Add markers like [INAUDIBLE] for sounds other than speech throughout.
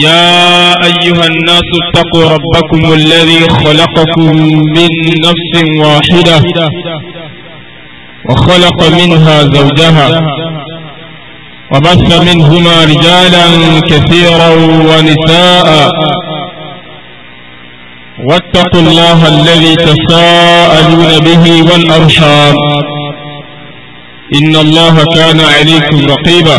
يا أيها الناس اتقوا ربكم الذي خلقكم من نفس واحدة وخلق منها زوجها وبث منهما رجالا كثيرا ونساء واتقوا الله الذي تساءلون به والأرشام إن الله كان عليكم رقيبا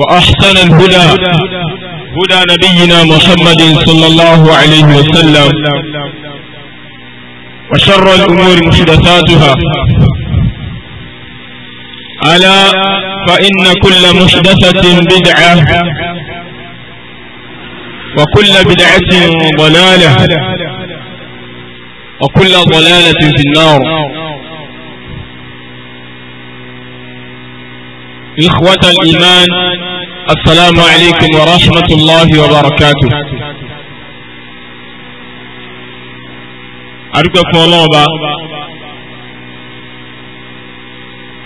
وأحسن الهدى هدى نبينا محمد صلى الله عليه وسلم وشر الأمور محدثاتها ألا فإن كل محدثة بدعة وكل بدعة ضلالة وكل ضلالة في النار إخوة الإيمان السلام عليكم ورحمة الله وبركاته أرجو فولوبا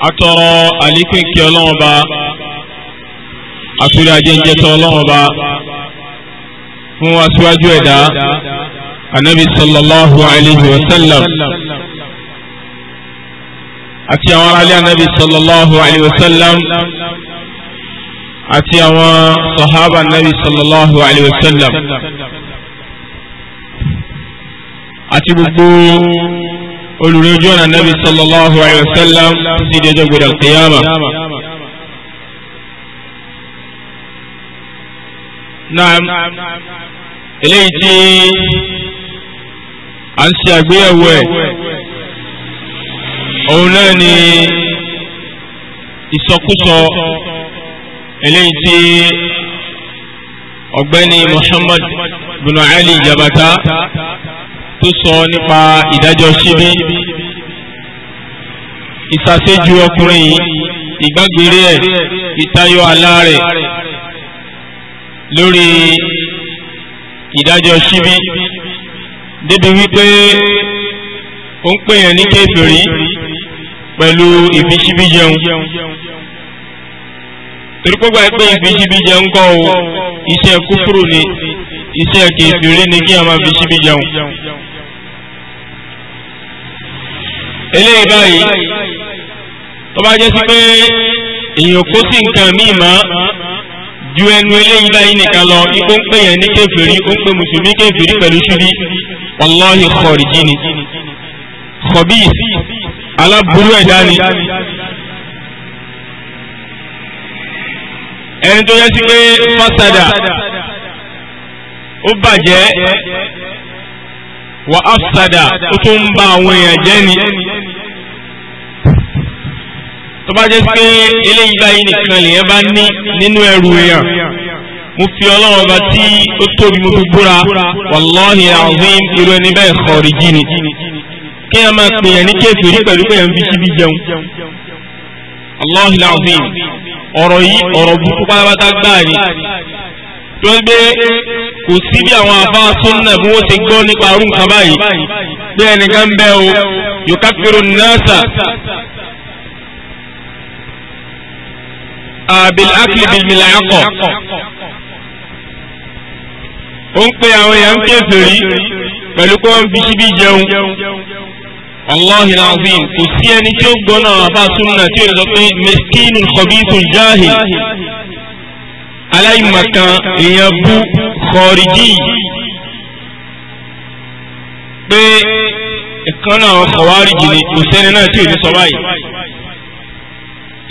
أترى عليكم كيولوبا أسولا جنجة ولوبا فهو أسواج ودا النبي صلى الله عليه وسلم àti àwọn aráalé anabi sallallahu alaihi wasallam àti àwọn sahaba anabi sallallahu alaihi wasallam àti gbogbo olùrẹ́jọ́ na anabi sallallahu alaihi wasallam sallam sí ìdẹ́jọ́ gbọdọ̀ kìyàmà. Naam eléyìí tí a ń ṣe àgbéyẹ̀wò ẹ̀. òun náà ni ìsọkúsọ eléyìí tí ọ̀gbẹ́ni Muhammad bin Ali Jabata tó sọ nípa ìdájọ́ ṣíbí ìsàséjú ọkùnrin yìí ìgbàgbére ẹ̀ ìtayọ àlá rẹ̀ lórí ìdájọ́ ṣíbí débi wípé ó ń pèèyàn ní kéfèrí pẹ̀lú ìfiṣíbí jẹun torípọ́gbà pé ìfiṣíbí jẹun kọ́ o iṣẹ́ kúfúrú ni iṣẹ́ kìfìrí ni kí a máa fiṣíbí jẹun. eléyìí báyìí tó bá jẹ́ sí pé èèyàn kó sí nǹkan míì mọ́ ju ẹnu eléyìí báyìí nìkan lọ ipò ń pè yẹn ní kèfèrí ó ń pè mùsùlùmí kèfèrí pẹ̀lú ṣubí wallahi kọ̀ọ̀rì jí kọ̀bíìsì aláburú ẹ̀dá ni ẹni tó yẹ sí pé fásádà ó bàjẹ́ wà áfsádà ó tún ń ba àwọn èèyàn jẹ́ ni tó bá jẹ́ pé eléyìí báyìí nìkan lèyẹn bá ní nínú ẹrù èèyàn mo fi ọlọ́run ọba tí ó tóbi mo fi búra wàlọ́ọ̀hìn àwọn irú ẹni bẹ́ẹ̀ kọ̀ọ̀rì jí ni kí ẹ máa pè yàn ní kéfìrí pẹ̀lú pé yàn fi síbi jẹun Allahul azim ọ̀rọ̀ yìí ọ̀rọ̀ burúkú pátápátá gbáà ni tó ń gbé kò sí bí àwọn àbá súnnà bí wọ́n ti gbọ́ nípa arú nǹkan báyìí bí ẹnìkan bẹ́ o yukafiru nasa bil akli bil milaakọ ó ń pe àwọn èèyàn kéfìrí pẹ̀lú kó ń fi síbi jẹun Allahi alazim kò sí ẹni tí ó gbọ́nà àfa súnà tí ó lè sọ pé meskinu kọbíìtù jáhì aláìmọ̀kan èèyàn bú kọ̀ọ̀rìjì pé ìkànnà kọ̀wárìjì ni kò sẹ́ni náà tí ò ní sọ báyìí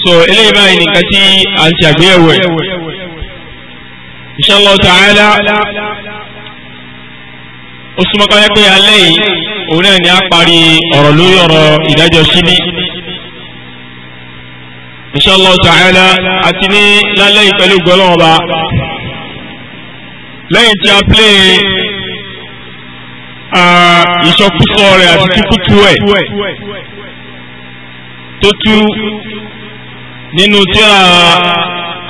so eléyìí báyìí nìkan tí a ti àgbéyẹ̀wò ẹ̀ inshallah ta'ala ó súnmọ́ kọ́ pé alẹ́ yìí òun náà ni a parí ọ̀rọ̀ lórí ọ̀rọ̀ ìdájọ́ síbí inshallah ta'ala àti ní lálẹ́ yìí pẹ̀lú gbọ́lọ́wọ́ bá lẹ́yìn tí a plé ìsọkúsọ rẹ̀ àti kíkútú ẹ̀ tó tú nínú tí a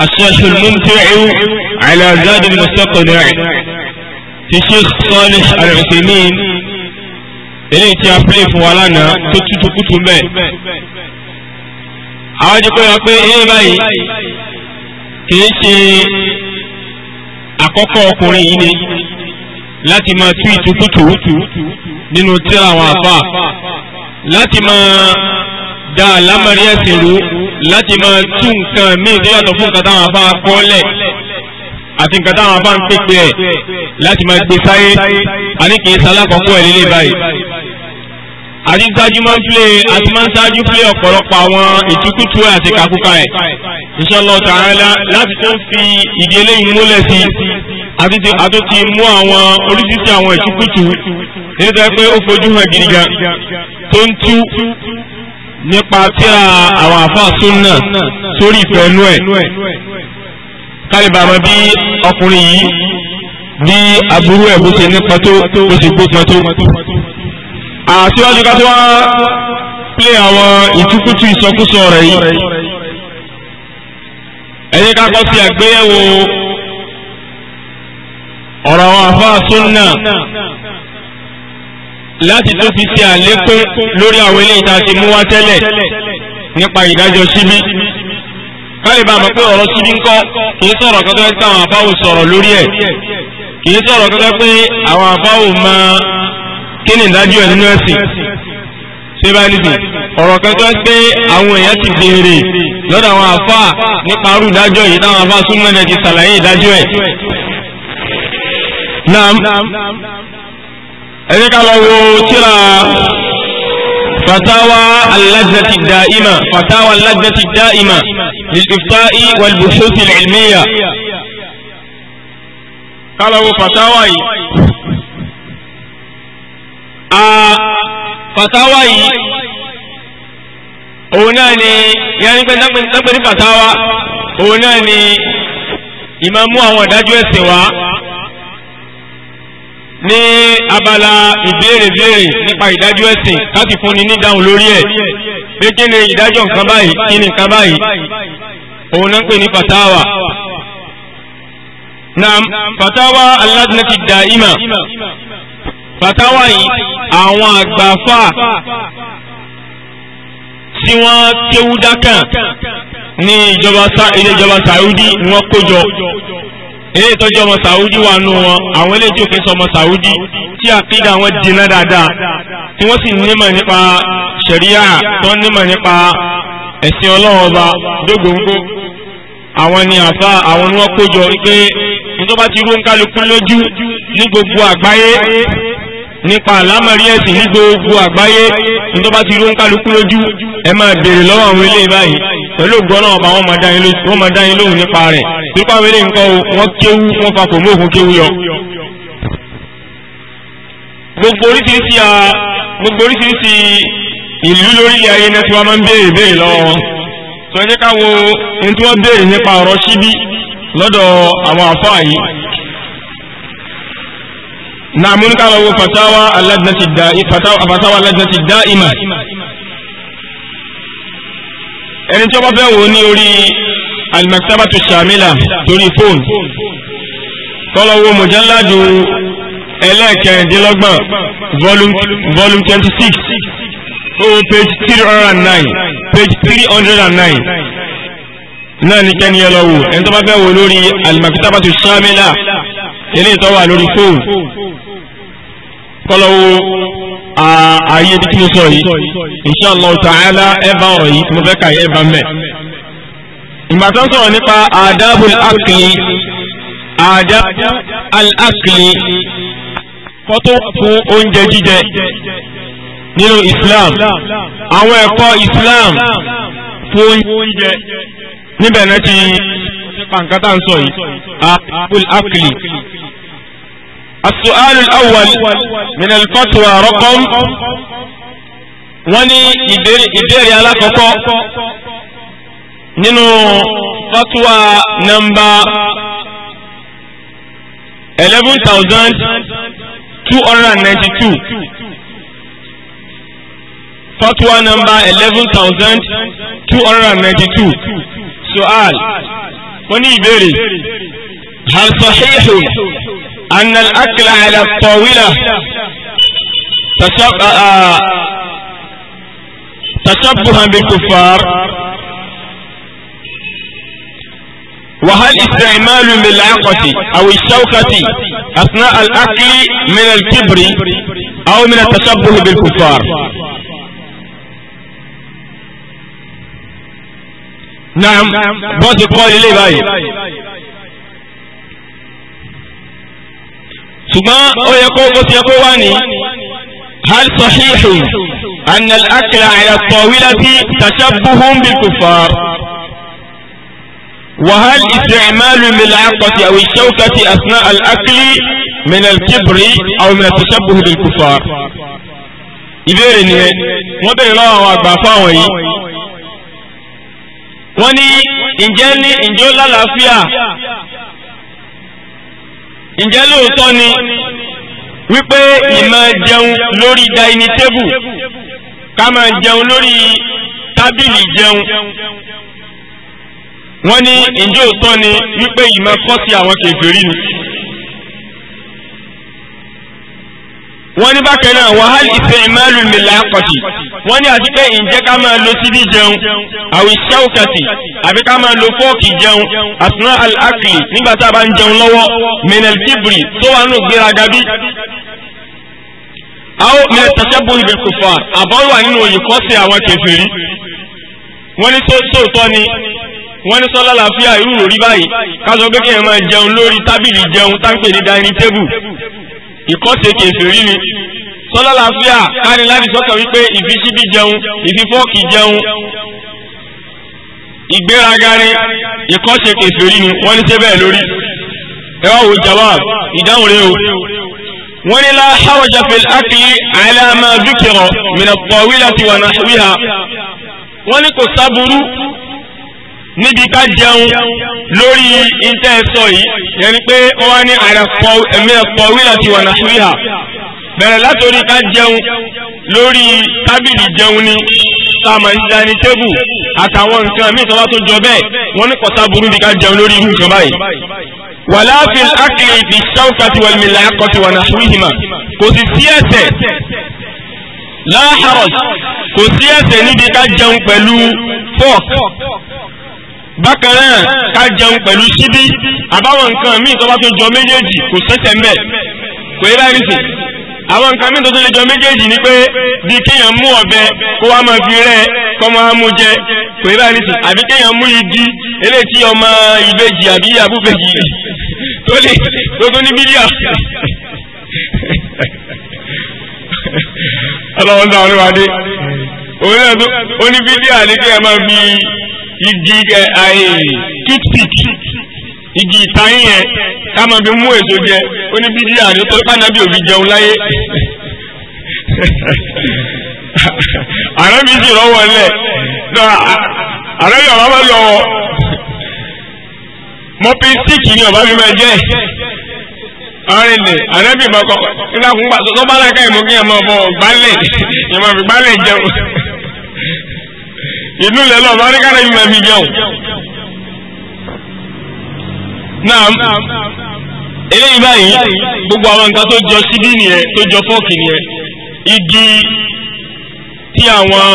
àṣẹ ṣùgbọ́n tí ó ẹ̀wù àìlàzádìí mọ̀sẹ́kọ̀ọ́ ti Sheikh Salih Al-Uthaymeen eléyìí tí a pèlè fún wa lánàá tó tútù kútù mbẹ àwọn jẹ́ pé wọ́n pé eré báyìí kìí ṣe àkọ́kọ́ ọkùnrin yìí ni láti máa tú ìtukùtù nínú tíra àwọn àfa láti máa da àlámọ̀rí ẹ̀sìn rú láti máa tú nǹkan míì tó yàtọ̀ fún nǹkan táwọn àfa kọ́ lẹ̀ àti nǹkan táwọn afá ń pèpè ẹ̀ láti máa gbé sáyé àní kì í salákọ̀ọ́kọ́ ẹ̀ lílé báyìí. àti ṣáájú máa ń plé àti máa ń ṣáájú plé ọ̀pọ̀lọpọ̀ àwọn ìtukùtù ẹ̀ àti kàkúkà ẹ̀. inshallah ta'ala láti tó ń fi ìdí eléyìí múlẹ̀ sí àti ti àti ti mú àwọn oríṣiríṣi àwọn ìtukùtù nítorí pé ó fojú hàn gidi gan tó ń tú nípa tíra àwọn àfa sunna sórí ìfẹ́ nú ẹ̀ kálíbà mọ bí ọkùnrin yìí bí aburú ẹ̀ bó ṣe nípa tó bó ṣe gbópọn tó. àtiwájú ká tó wá pílé àwọn ìtúkútú ìsọkúsọ rẹ̀ yìí ẹ̀yẹ́ ká kọ́ sí àgbéyẹ̀wò ọ̀rọ̀ àwọn àfáà súnà láti tún fi ṣe àlékún lórí àwọn eléyìí tá a ti mú wá tẹ́lẹ̀ nípa ìdájọ́ síbí kálí bá mọ̀ pé ọ̀rọ̀ síbí ńkọ́ kìí sọ̀rọ̀ kan tó yẹ pé àwọn àbáwò sọ̀rọ̀ lórí ẹ̀ kìí sọ̀rọ̀ kan tó yẹ pé àwọn àbáwò mọ kí ni ìdájọ́ ẹ̀ nínú ẹ̀sìn ṣé báyìí nìyí ọ̀rọ̀ kan tó yẹ pé àwọn èèyàn ti béèrè lọ́dọ̀ àwọn àfa nípa arú ìdájọ́ yìí táwọn àfa súnmọ́ ẹ̀ ti ṣàlàyé ìdájọ́ ẹ̀. naam ẹ ká lọ wo tíra fatawa al-lajnati ad-da'ima fatawa al-lajnati ad-da'ima lil والبحوث العلمية. buhuth al-ilmiya فتاوي. fatawa yìí a fatawa yìí òun náà ni yẹni pé dápẹ́ ní fatawa òun náà ni ìmá mú àwọn ìdájọ́ ẹ̀sìn wá ní abala ìbéèrè béèrè nípa ìdájọ́ ẹ̀sìn láti fúnni ní ìdáhùn lórí ẹ̀ pé kí ni ìdájọ́ nǹkan báyìí kí ni nǹkan báyìí òun náà ń pè ní fatawa naam fatawa aladinati daima fatawa yìí àwọn àgbàfà tí wọ́n kéwú dákàn ní ìjọba ilé ìjọba Saudi ni wọ́n kójọ ilé ìtọ́jú ọmọ Saudi wà nù wọn àwọn ilé ìjọba kìí sọ ọmọ Saudi tí àkídà wọn dínà dáadáa tí wọ́n sì nímọ̀ nípa ṣẹ̀ríà tó nímọ̀ nípa ẹ̀sìn ọlọ́run ọba dógóńgó àwọn ni àfa àwọn ni wọ́n kójọ pé ìjọba ti rú nkálukú lójú ní gbogbo àgbáyé nípa àlámọ̀rí ẹ̀sìn ní gbogbo àgbáyé ìjọba ti rú nkálukú lójú ẹ máa béèrè lọ́wọ́ àwọn eléyìí báyìí pẹ̀lú ògbọ́n náà ọba wọn máa dá yín lóhùn nípa rẹ̀ pípa wẹ́lé nǹkan o wọ́n kéwú wọ́n fa kòmó òkun kéwú yọ. gbogbo oríṣiríṣi ìlú lórílẹ̀ ayé náà tí wọ́n máa ń béèrè béèrè lọ́wọ́ wọn tó ẹ jẹ́ ká wo ohun tí wọ́n béèrè nípa ọ̀rọ̀ síbí lọ́dọ̀ àwọn àfáà yìí náà mú ká lọ wo fatawa aladnati da'i fatawa aladnati da'ima ẹni tí wọ́n fẹ́ wò ní orí almaktabatu shamila torí fóònù kọ́lọ̀ wo mujalladu ẹlẹ́ẹ̀kẹrìndínlọ́gbọ̀n volume twenty six ó oh, page three hundred and nine page three hundred and nine náà ní kẹ́ni ẹ lọ wò ẹni tó bá fẹ́ wò lórí alimakitabatu shamila eléyìí tó wà lórí fóònù kọlọ́wọ́ ààyè tí mo sọ yìí inshallah ta'ala ẹ bá ọ̀rọ̀ yìí mo fẹ́ kà ẹ bá mẹ́. ìgbà tó ń sọ̀rọ̀ nípa adabu al-akli adabu al-akli kọ́tó fún oúnjẹ jíjẹ nínú islam àwọn ẹ̀kọ́ islam fún oúnjẹ níbẹ̀ náà ti nípa nǹkan tá à ń sọ yìí abul akli. السؤال الأول من الفتوى رقم wọ́n ní ìbéèrè alákọ̀ọ́kọ́ nínú fatwa nọ́mbà eleven thousand two hundred and ninety two. part number 11,292 سؤال هل صحيح أن الأكل على الطاولة تشبها بالكفار وهل استعمال الملعقة أو الشوكة أثناء الأكل من الكبر أو من التشبه بالكفار naam bọ́n ti kọ́ ilé báyìí ṣùgbọ́n ó yẹ kó bó ti yẹ kó wá ní hal sahihu anna al-akla ala tawilati tashabbuhun bil kufar وهل استعمال ملعقة أو الشوكة أثناء الأكل من الكبر أو من التشبه بالكفار ìbéèrè nìyẹn wọ́n bèèrè lọ́wọ́ àwọn àgbà fáwọn yìí wọ́n ní ǹjẹ́ ní ǹjẹ́ ó lálàáfíà ǹjẹ́ lóòótọ́ ni wípé ìmọ̀ jẹun lórí daini tébù ká máa jẹun lórí tábìlì jẹun wọ́n ní ǹjẹ́ òótọ́ ni wípé ìmọ̀ kọ́ sí àwọn kèfèrí ni. wọ́n ní bákan náà wàhálì ìfẹ́ ìmáàlù mìlá kọ̀tì wọ́n ní àti pé ǹjẹ́ ká máa lo síbí jẹun àwìn ṣẹ́wùkẹ̀tì àbí ká máa lo fọ́ọ̀kì jẹun àtúná alákìlì nígbà tá a bá ń jẹun lọ́wọ́ mìnẹ̀lì kíbrì tó wà nù gbéraga bí. àwọn mìnẹ̀lì tàṣẹ́ bóyá ìbẹ̀ kò fà àbọ̀ wà nínú òyìnbó sí àwọn kẹfìrí wọ́n ní sóòtọ́ ni wọ́n ní sọ́lá làáfíà irú òrí báyìí ká sọ pé kí ìkọ́ṣe kèfèrí ni sọ́lálàáfíà kárí láti sọ́kàn wípé ìfiṣíbí jẹun ìfifọ́ọ̀kì jẹun ìgbéraga ni ìkọ́ṣe kèfèrí ni wọ́n ní sẹ́bẹ̀ lórí ẹ wá wo jawab ìdáhùn rẹ o wọ́n ní la haraja fil akli ala ma dhukira min at-tawilati wa nahwiha wọ́n ní kò sábúrú níbi ká jẹun lórí ìtẹ́ ẹ̀sọ́ yìí yẹni pé ó wá ní àrẹ̀pọ̀ wílà ti wà náà sí wíhà bẹ̀rẹ̀ látòrí ká jẹun lórí tábìlì jẹun ni sáàmà ìṣẹ́ ẹni tébù àtàwọn nǹkan míì tó bá tó jọ bẹ́ẹ̀ wọ́n ní kọ̀tà burú bí ká jẹun lórí irú nǹkan báyìí wàláàfin akìlì fi ṣáùkàtì wàlmìlà akọ̀tì wà náà sí wíhìmà kò sì sí ẹ̀ṣẹ̀ láàárọ̀ kò sí ẹ̀ṣẹ̀ níbi ká jẹun pẹ̀lú fọ́ọ̀kì bákan náà ká jẹun pẹ̀lú síbí àbáwọn nǹkan míì tó bá tún jọ méjèèjì kò sẹ́sẹ̀ mbẹ̀ kò yẹ báyìí nìsín àwọn nǹkan míì tó tún lè jọ méjèèjì ni pé bí kéèyàn mú ọ̀bẹ kó wá máa fi rẹ́ kó máa mú jẹ kò yẹ báyìí nìsín àbí kéèyàn mú igi eléyìí tí ọmọ ìbejì àbí àbúbejì tó lè tó tún ní bídíà [LAUGHS] ọlọ́wọ́n sáwọn oníwàdé òun náà tó ó ní bídíà ní kéèyàn máa fi igi ayé toothpick igi ìtayín yẹn ká máa fi mú èso jẹ ó ní bíbí àná tó bá nàbí òbí jẹun láyé [LAUGHS] àrẹ́bí sì rọ́wọ́ lẹ̀ àrẹ́bí ọ̀rọ̀ bá lọ mọ́pí síkì ni ọ̀bá mi máa jẹ́ ọ̀rẹ́lẹ̀ àrẹ́bí ìbọ̀kọ̀ nígbà fún gbà tó bá láìka ìmú kí ẹ̀ máa bọ̀ gbálẹ̀ ìyẹn fi gbálẹ̀ jẹun ìlú lẹ́lọ́ bá rí kára yìí máa fi jẹun. náà eléyìí báyìí gbogbo àwọn nǹkan tó jọ síbí nìyẹn tó jọ fọ́ọ̀kì nìyẹn igi tí àwọn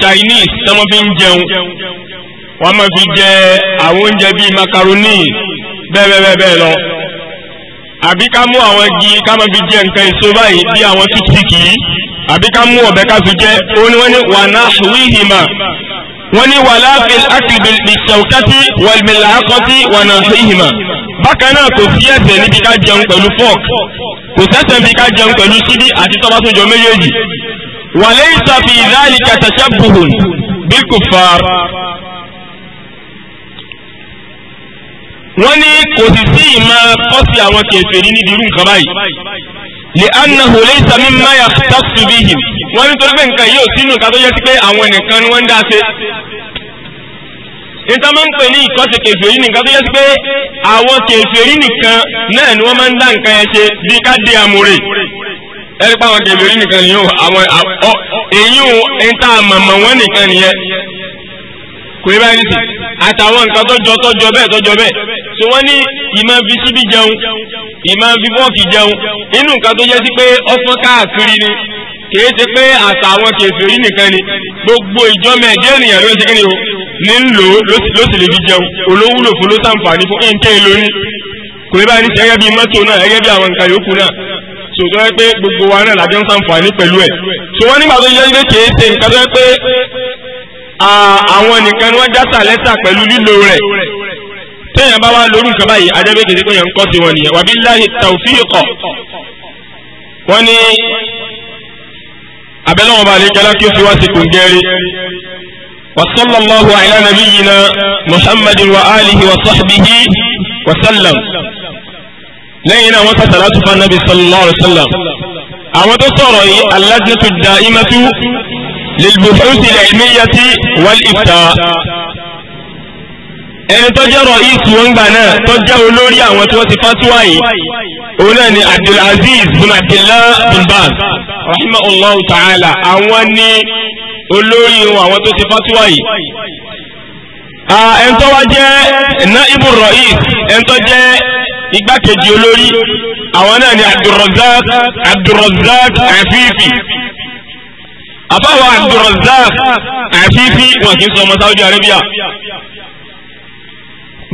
Chinese tí wọ́n fi ń jẹun wọ́n máa fi jẹ àwọn oúnjẹ bíi macaroni bẹ́ẹ̀bẹ́ẹ̀bẹ́ẹ̀ lọ àbí ká mú àwọn igi ká máa fi jẹ nǹkan èso báyìí bí àwọn tútù kìí àbí ká mú ọ̀bẹ ká fi jẹ ó ní wọ́n ní wà náà wọ́n ní wàlá fil akli bil shawkati wal milhaqati wa nahihima bákan náà kò sí ẹ̀ṣẹ̀ níbi ká jẹun pẹ̀lú fork kò sẹ́ṣẹ̀ níbi ká jẹun pẹ̀lú ṣíbí àti tọ́ba tó jọ méjèèjì wa laysa fi dhalika tashabbuhun bil kuffar wọ́n ní kò sì sí ìmọ̀ kọ́sí àwọn kèfèrí níbi irú nǹkan báyìí li annahu laysa mimma yahtassu bihim wọ́n nítorí pé nǹkan yìí ò sínú nǹkan tó jẹ́ sí pé àwọn ẹnìkan ni wọ́n ń dá ṣe níta máa ń pè ní ìkọ́sẹ̀ kèfèrí nìkan tó yẹ sí pé àwọn kèfèrí nìkan náà ni wọ́n máa ń dá nǹkan yẹn ṣe bí ká dé amòrè ẹni pa àwọn kèfèrí nìkan nìyẹn àwọn ọ èyí ò níta àmọ̀mọ̀ wọn nìkan nìyẹn kò yẹ báyìí sí àtàwọn nǹkan tọ́jọ tọ́jọ bẹ́ẹ̀ tọ́jọ bẹ́ẹ̀ tí wọ́n ní ìmọ̀ fi síbi jẹun ìmọ̀ fi fọ́ọ̀kì jẹun inú nǹkan tó yẹ sí pé ọfọ́n káàkiri ni kìí ṣe pé àṣà àwọn kèfèrí nìkan ni gbogbo ìjọ mẹ́ẹ̀dẹ́ ènìyàn ló ń ṣe ni o ní ń lò ó ló sì lè fi jẹun olówúlò fún ló sàǹfààní fún ẹ̀ǹkẹ́ ìlóní kò ní báyìí ṣe gẹ́gẹ́ bí mọ́tò náà gẹ́gẹ́ bí àwọn nǹkan yòókù náà sòtọ́ ẹ pé gbogbo wa náà làjọ ń sàǹfààní pẹ̀lú ẹ̀ so wọ́n nígbà tó yẹ pé kìí ṣe nǹkan tó yẹ pé àwọn nìkan ni wọ́n dátà lẹ́tà pẹ̀lú lílo rẹ̀ téèyàn bá wá lórú nǹkan báyìí adébẹ́ kìí ṣe pé yẹn ń kọ́ sí wọn nìyẹn wàbí láhì tàwùfíìkọ̀ wọ́n ní abẹ́lẹ́ wọn bá lè jẹ́lá kí ó fi wá sí kùngẹ́rẹ́ وصلى الله على نبينا محمد وآله وصحبه وسلم لينا وتسلات النبي صلى الله عليه وسلم أود صري اللجنة الدائمة للبحوث العلمية والإفتاء ẹni tó jẹ́ rọ̀ ìsù ọ̀ngbà náà tó jẹ́ olórí àwọn tí wọ́n ti fatuwa yìí òun náà ni abdulaziz bin abdullah bin baz rahimahullahu ta'ala àwọn ni olórí wọn àwọn tó ti fatuwa yìí ẹni tó wá jẹ́ naibu rọ̀ìs ẹni tó jẹ́ igbákejì olórí àwọn náà ni abdulrazak abdulrazak afifi àbáwọ̀ abdulrazak afifi wọn kì í sọ ọmọ saudi arabia.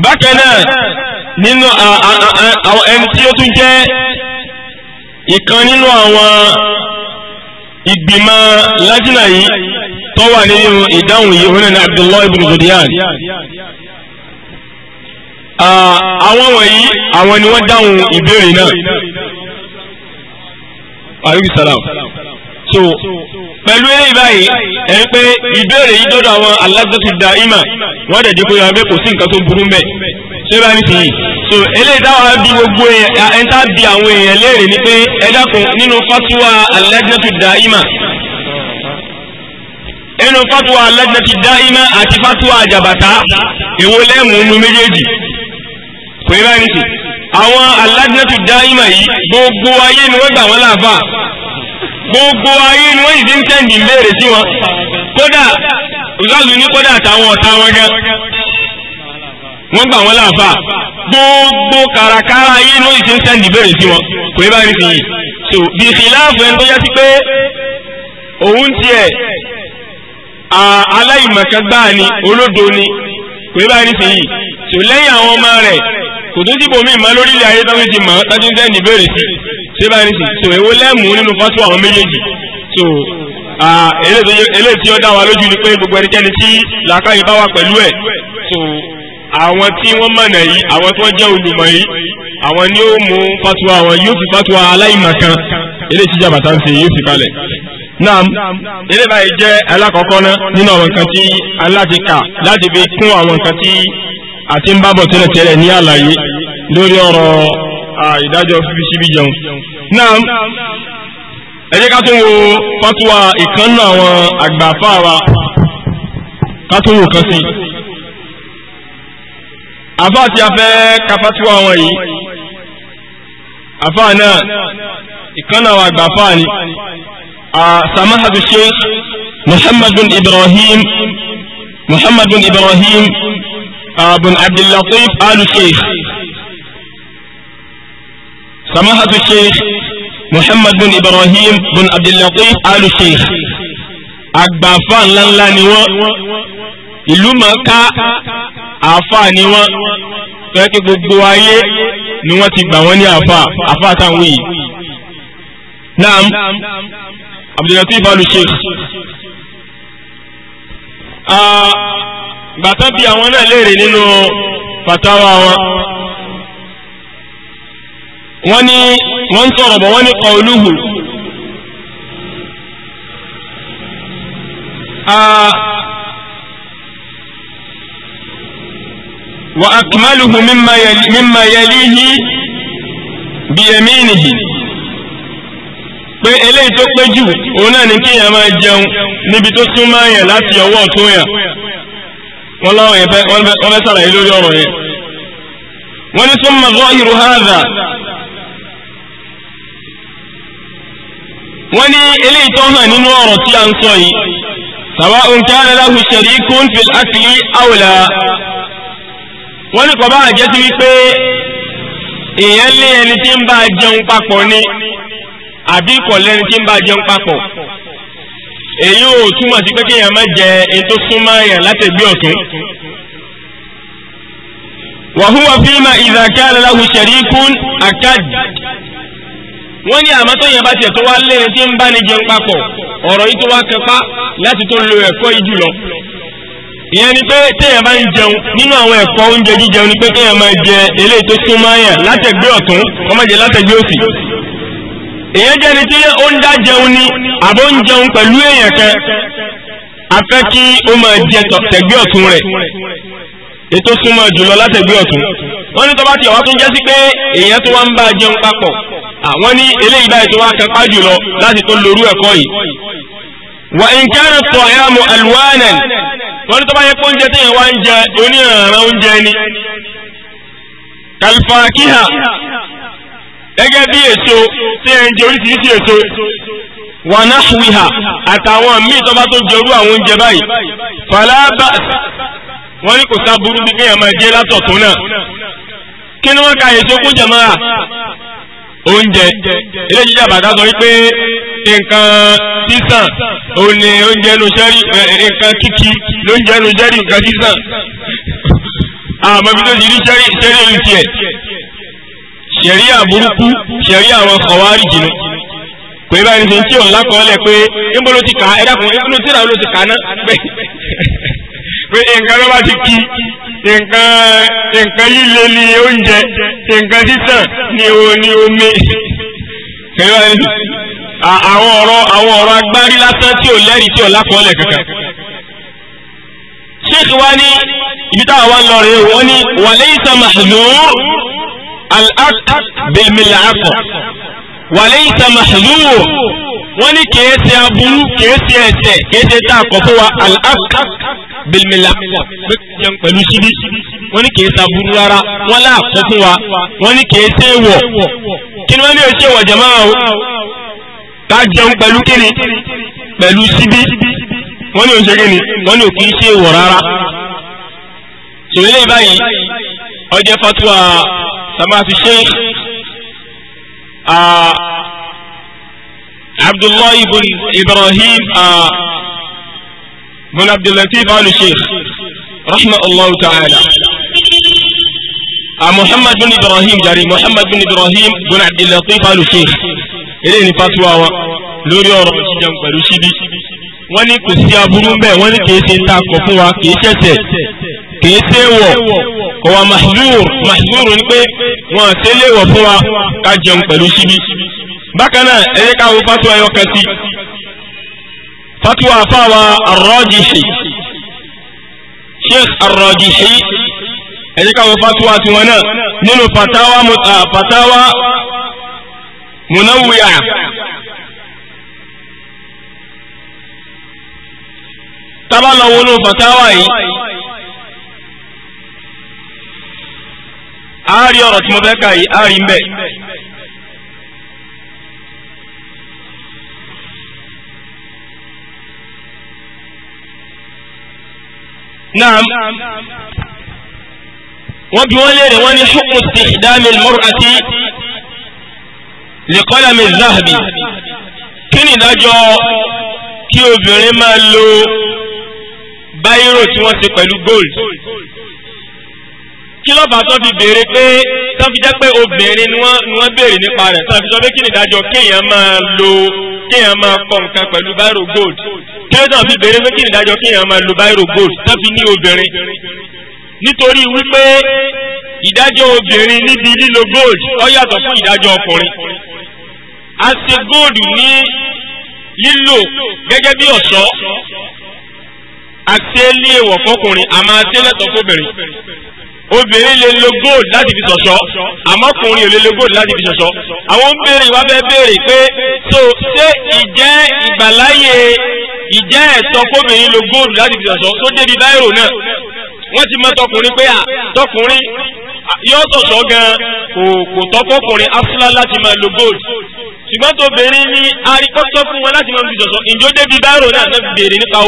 bákan náà nínú ẹni tí ó tún jẹ́ ìkan nínú àwọn ìgbìmọ̀ lájínà yìí tó wà nínú ìdáhùn yìí ní Abdullahi ibn Zudiyan àwọn wọ̀nyí àwọn ni wọ́n dáhùn ìbéèrè náà. Aleyhi So, pẹ̀lú eléyìí báyìí ẹ̀ ń pé ìbéèrè yìí dọ́dọ̀ àwọn alágbàtú da ima wọ́n dẹ̀ jẹ́ kó yọ pé kò sí nǹkan tó burú mẹ́ ṣé bá ní sìn so eléyìí táwọn bí gbogbo ẹ̀ń tá bí àwọn èèyàn léèrè ni pé ẹ dákun nínú fatuwa alágbàtú da ima nínú fatuwa alágbàtú da ima àti fatuwa àjàbàtà èwo lẹ́mù nínú méjèèjì kò yẹ bá ní sìn àwọn alágbàtú da ima yìí gbogbo ayé ni wọ́n gbà wọ́n láàfà gbogbo ayé ni wọ́n sì ti ń tẹ̀lé ìbéèrè sí wọn kódà ìlọ́ọ̀lù ní kódà àtàwọn ọ̀tá wọn gan wọ́n gbà wọ́n láàfà gbogbo kàràkàrà ayé ni wọ́n sì ti ń tẹ̀lé ìbéèrè sí wọn kò ní bá rí sí yìí so bí ìfìláàfù ẹni tó yá sí pé òun tiẹ̀ aláìmọ̀kan ni olódo ni kò ní bá rí sí yìí so lẹ́yìn àwọn ọmọ rẹ̀ kò tó síbò mí mọ́ lórílẹ̀ ayé tó ń ti mọ̀ tó ti ń tẹ̀lé ìbéèrè sí ṣé báyìí ní sìn so èwo lẹ́mù nínú fọ́tíwà àwọn méjèèjì so eléyìí tí ó dá wa lójú ni pé gbogbo ẹnikẹ́ni tí làákàyè bá wà pẹ̀lú ẹ̀ so àwọn tí wọ́n mọ̀nà yìí àwọn tí wọ́n jẹ́ olùmọ̀ yìí àwọn ni ó mú fatuwa àwọn yóò fi fatuwa aláìmọ̀kan eléyìí tí jàbàtà ń ṣe yóò fi kalẹ̀. naam eléyìí báyìí jẹ́ alákọ̀ọ́kọ́ náà nínú àwọn nǹkan tí aláti kà láti fi kún àwọn nǹkan tí àti ń bábọ̀ tẹ́lẹ̀tẹ́lẹ̀ ní àlàyé lórí ọ̀rọ̀ ìdájọ́ fífi síbí jẹun náà ẹ jẹ́ ká tún wo fatuwa ìkànnà àwọn àgbàfà wa ká tún wò kan sí i àfà tí a ka fatuwa wọn yìí àfà náà ìkànnà àwọn àgbàfà ni samahatu sheikh Muhammadun ibrahim Muhammadun ibrahim Abun Abdullahi alu sheikh samahatu sheikh muhammad bin ibrahim bin abdullatif al-sheikh àgbàfà ńláńlá ni wọ́n ìlú mọ̀ọ́ká àfà ni wọ́n fẹ́ kí gbogbo ayé ni wọ́n ti gbà wọ́n ní àfà àfà táwọn yìí naam abdullatif al-sheikh gbàtà bí àwọn náà léèrè nínú fatawa wọn wọ́n ní wọ́n ń sọ̀rọ̀ bọ̀ wọ́n ní qawluhu wa akmaluhu mimma yalihi biyaminihi pé eléyìí tó pé jù òun náà ní kíyàn máa jẹun níbi tó súnmọ́ yẹn láti ọwọ́ ọ̀tún yẹn wọ́n láwọn yẹn fẹ́ sàlàyé lórí ọ̀rọ̀ yẹn wọ́n ní summa zahiru hadha wọ́n ní eléyìí tó hàn nínú ọ̀rọ̀ tí a ń sọ yìí sawa'un kana lahu sharikun fil asli aw la wọ́n ní kọ̀bá àjẹ́ ti wípé èèyàn lé ẹni tí ń bá jẹun papọ̀ ni àbí kò lẹ́ni tí ń bá jẹun papọ̀ èyí ò túmọ̀ sí pé kéèyàn má jẹ èyí tó súnmọ́ èèyàn látẹ̀gbẹ́ ọ̀tún wa huwa fima idha kana lahu sharikun wọ́n ní àmọ́ tó yẹn bá tiẹ̀ tó wá lẹ́yìn tí ń bá ní jẹun papọ̀ ọ̀rọ̀ yìí tó wá kẹpa láti tó lo ẹ̀kọ́ yìí jùlọ. ìyẹn ni pé téèyàn bá ń jẹun nínú àwọn ẹ̀kọ́ oúnjẹ jíjẹun ni pé kéèyàn máa jẹ eléyìí tó sún máa yàn látẹ̀gbẹ́ ọ̀tún kó má jẹ òsì. ìyẹn jẹ́ ni tí ó ń dá jẹun ni àbó ń jẹun pẹ̀lú èèyàn kan a fẹ́ kí ó máa jẹ tẹ̀gbẹ́ ọ̀tún rẹ̀ ètò súnmọ́ jùlọ látẹ̀gbẹ́ ọ̀tún wọ́n ní tó bá tiẹ̀ wá tún jẹ́ sí pé èèyàn tó wá ń bá jẹun papọ̀ àwọn ní eléyìí báyìí tó wá kápá jùlọ láti tó lórú ẹ̀kọ́ yìí wà ń kára tọ̀ ẹ̀yà mu alwánà wọ́n ní tó bá yẹ kó oúnjẹ téèyàn wá ń jẹ oníhàrá oúnjẹ ni kalfakiha gẹ́gẹ́ bí èso tí ẹ ń jẹ oríṣiríṣi èso wà náhùwìhà àtàwọn míì tó bá tó jẹrú àwọn oúnjẹ báyìí falaba wọ́n ní kò sá burú bí kéèyàn máa jẹ látọ̀tún náà kí ni wọ́n ka èso kún jẹ̀mọ́ra oúnjẹ eléyìí jàbàtà sọ wípé nǹkan sísàn òun ni oúnjẹ ló ṣẹ́rí eh, nǹkan kíkí lóúnjẹ ló ṣẹ́rí nǹkan sísàn àmọ́ bí tó ti rí ṣẹ́rí ṣẹ́rí ìlú tiẹ̀ ṣẹ̀rí àbúrúkú ṣẹ̀rí àwọn kọ̀wárì jìnnà pé báyìí ṣe ń tí òun lákọọ́lẹ̀ pé níbo ló ti kà á ẹ̀dá kan níbo ló ti rà ló ti kà á [LAUGHS] pé nǹkan ló bá ti kí nǹkan líle ni oúnjẹ nǹkan títàn ni omi àwọn ọ̀rọ̀ àwọn ọ̀rọ̀ agbárí lásán tí ò lẹ́rìí tí ò lákọọ́lẹ̀ kankan. sheikh wa ní ibi táwọn wa lọ rèé wọ́n ní walaysa mahzur al-aqd bil-mil'aqah walaysa mahzur wọ́n ní kìí ṣe aburú kìí ṣe ẹ̀ṣẹ̀ tá a kọ wa al-akl bilimila jẹun pẹ̀lú síbí wọ́n ní kìí aburú rárá wọ́n là kọ fún wa wọ́n ní kìí ṣe wọ̀ kí ni wọ́n ní o ṣe wọ̀ jama o ká jẹun pẹ̀lú kíni pẹ̀lú síbí wọ́n ní o ṣe kíni wọ́n ní o kìí wọ̀ rárá. sòwélé báyìí ọjọ́ fatuwa samafi sheikh abdullahi ibn ibrahim uh, ibn abdullatif al-sheikh rahmatulahu ta'ala uh, muhammad ibn ibrahim jari muhammad ibn ibrahim ibn abdullatif al-sheikh eléyìí ni fatuwa wa lórí ọ̀rọ̀ ṣíjẹun pẹ̀lú ṣíbí wọ́n ní kò sí aburú ń bẹ̀ wọ́n ní kì í ṣe ta kọ̀ fún wa kì í ṣẹ̀ṣẹ̀ kì í ṣe wọ̀ kò wá mahzur mahzur ni pé wọ́n àti léwọ̀ fún wa ká jẹun pẹ̀lú ṣíbí bákan náà ẹ yẹ ká wo fatuwa ẹyọ kan sí fatuwa fáwa arọ́jìṣì sheikh arọ́jìṣì ẹ yẹ ká wo fatuwa tiwọn náà nínú fatawa fatawa munawwiya tábà lọ wọnú fatawa yìí. a rí ọ̀rọ̀ tí mo fẹ́ kà yìí a rí ń bẹ̀. naam wọ́n bí wọ́n léèrè wọ́n ní hukmu istihdami al-mar'ati li qalami zahabi kí ni ìdájọ́ kí obìnrin máa lo báyìrò tí wọ́n ṣe pẹ̀lú gold kí lọ́ba tó fi béèrè pé tó fi jẹ́ pé obìnrin ni wọ́n béèrè nípa rẹ̀ tó fi sọ pé kí nìdájọ́ kéèyàn máa lo kéèyàn máa kọ nǹkan pẹ̀lú báírò gold kẹ́rẹ́ tó fi béèrè pé kí nìdájọ́ kéèyàn máa lo báírò gold tó fi ní obìnrin nítorí wípé ìdájọ́ obìnrin níbi lílo gold ó yàtọ̀ fún ìdájọ́ ọkùnrin a ṣe gold ní lílò gẹ́gẹ́ bí ọ̀ṣọ́ àti ẹlẹ́wọ̀ fọkùnrin àmọ́ àti ẹlẹ́tọ̀ fóbìnrin obìnrin lè lo gold láti fi ṣọ̀ṣọ́ àmọ́kùnrin ò lè lo gold láti fi ṣọ̀ṣọ́ àwọn ń béèrè wá fẹ́ béèrè pé so ṣé ìjẹ́ ìgbàláyè ìjẹ́ ẹ̀tọ́ kóbìnrin lo gold láti fi ṣọ̀ṣọ́ tó débi báírò náà wọ́n ti mọ tọkùnrin pé à tọkùnrin yóò ṣọ̀ṣọ́ gan kò kò tọ́kọ́kùnrin afúlá láti máa lo gold ṣùgbọ́n tó obìnrin ní arikọ́tọ́ fún wọn láti máa fi ṣọ̀ṣọ́ ìjọ débi báírò náà náà fi béèrè nípa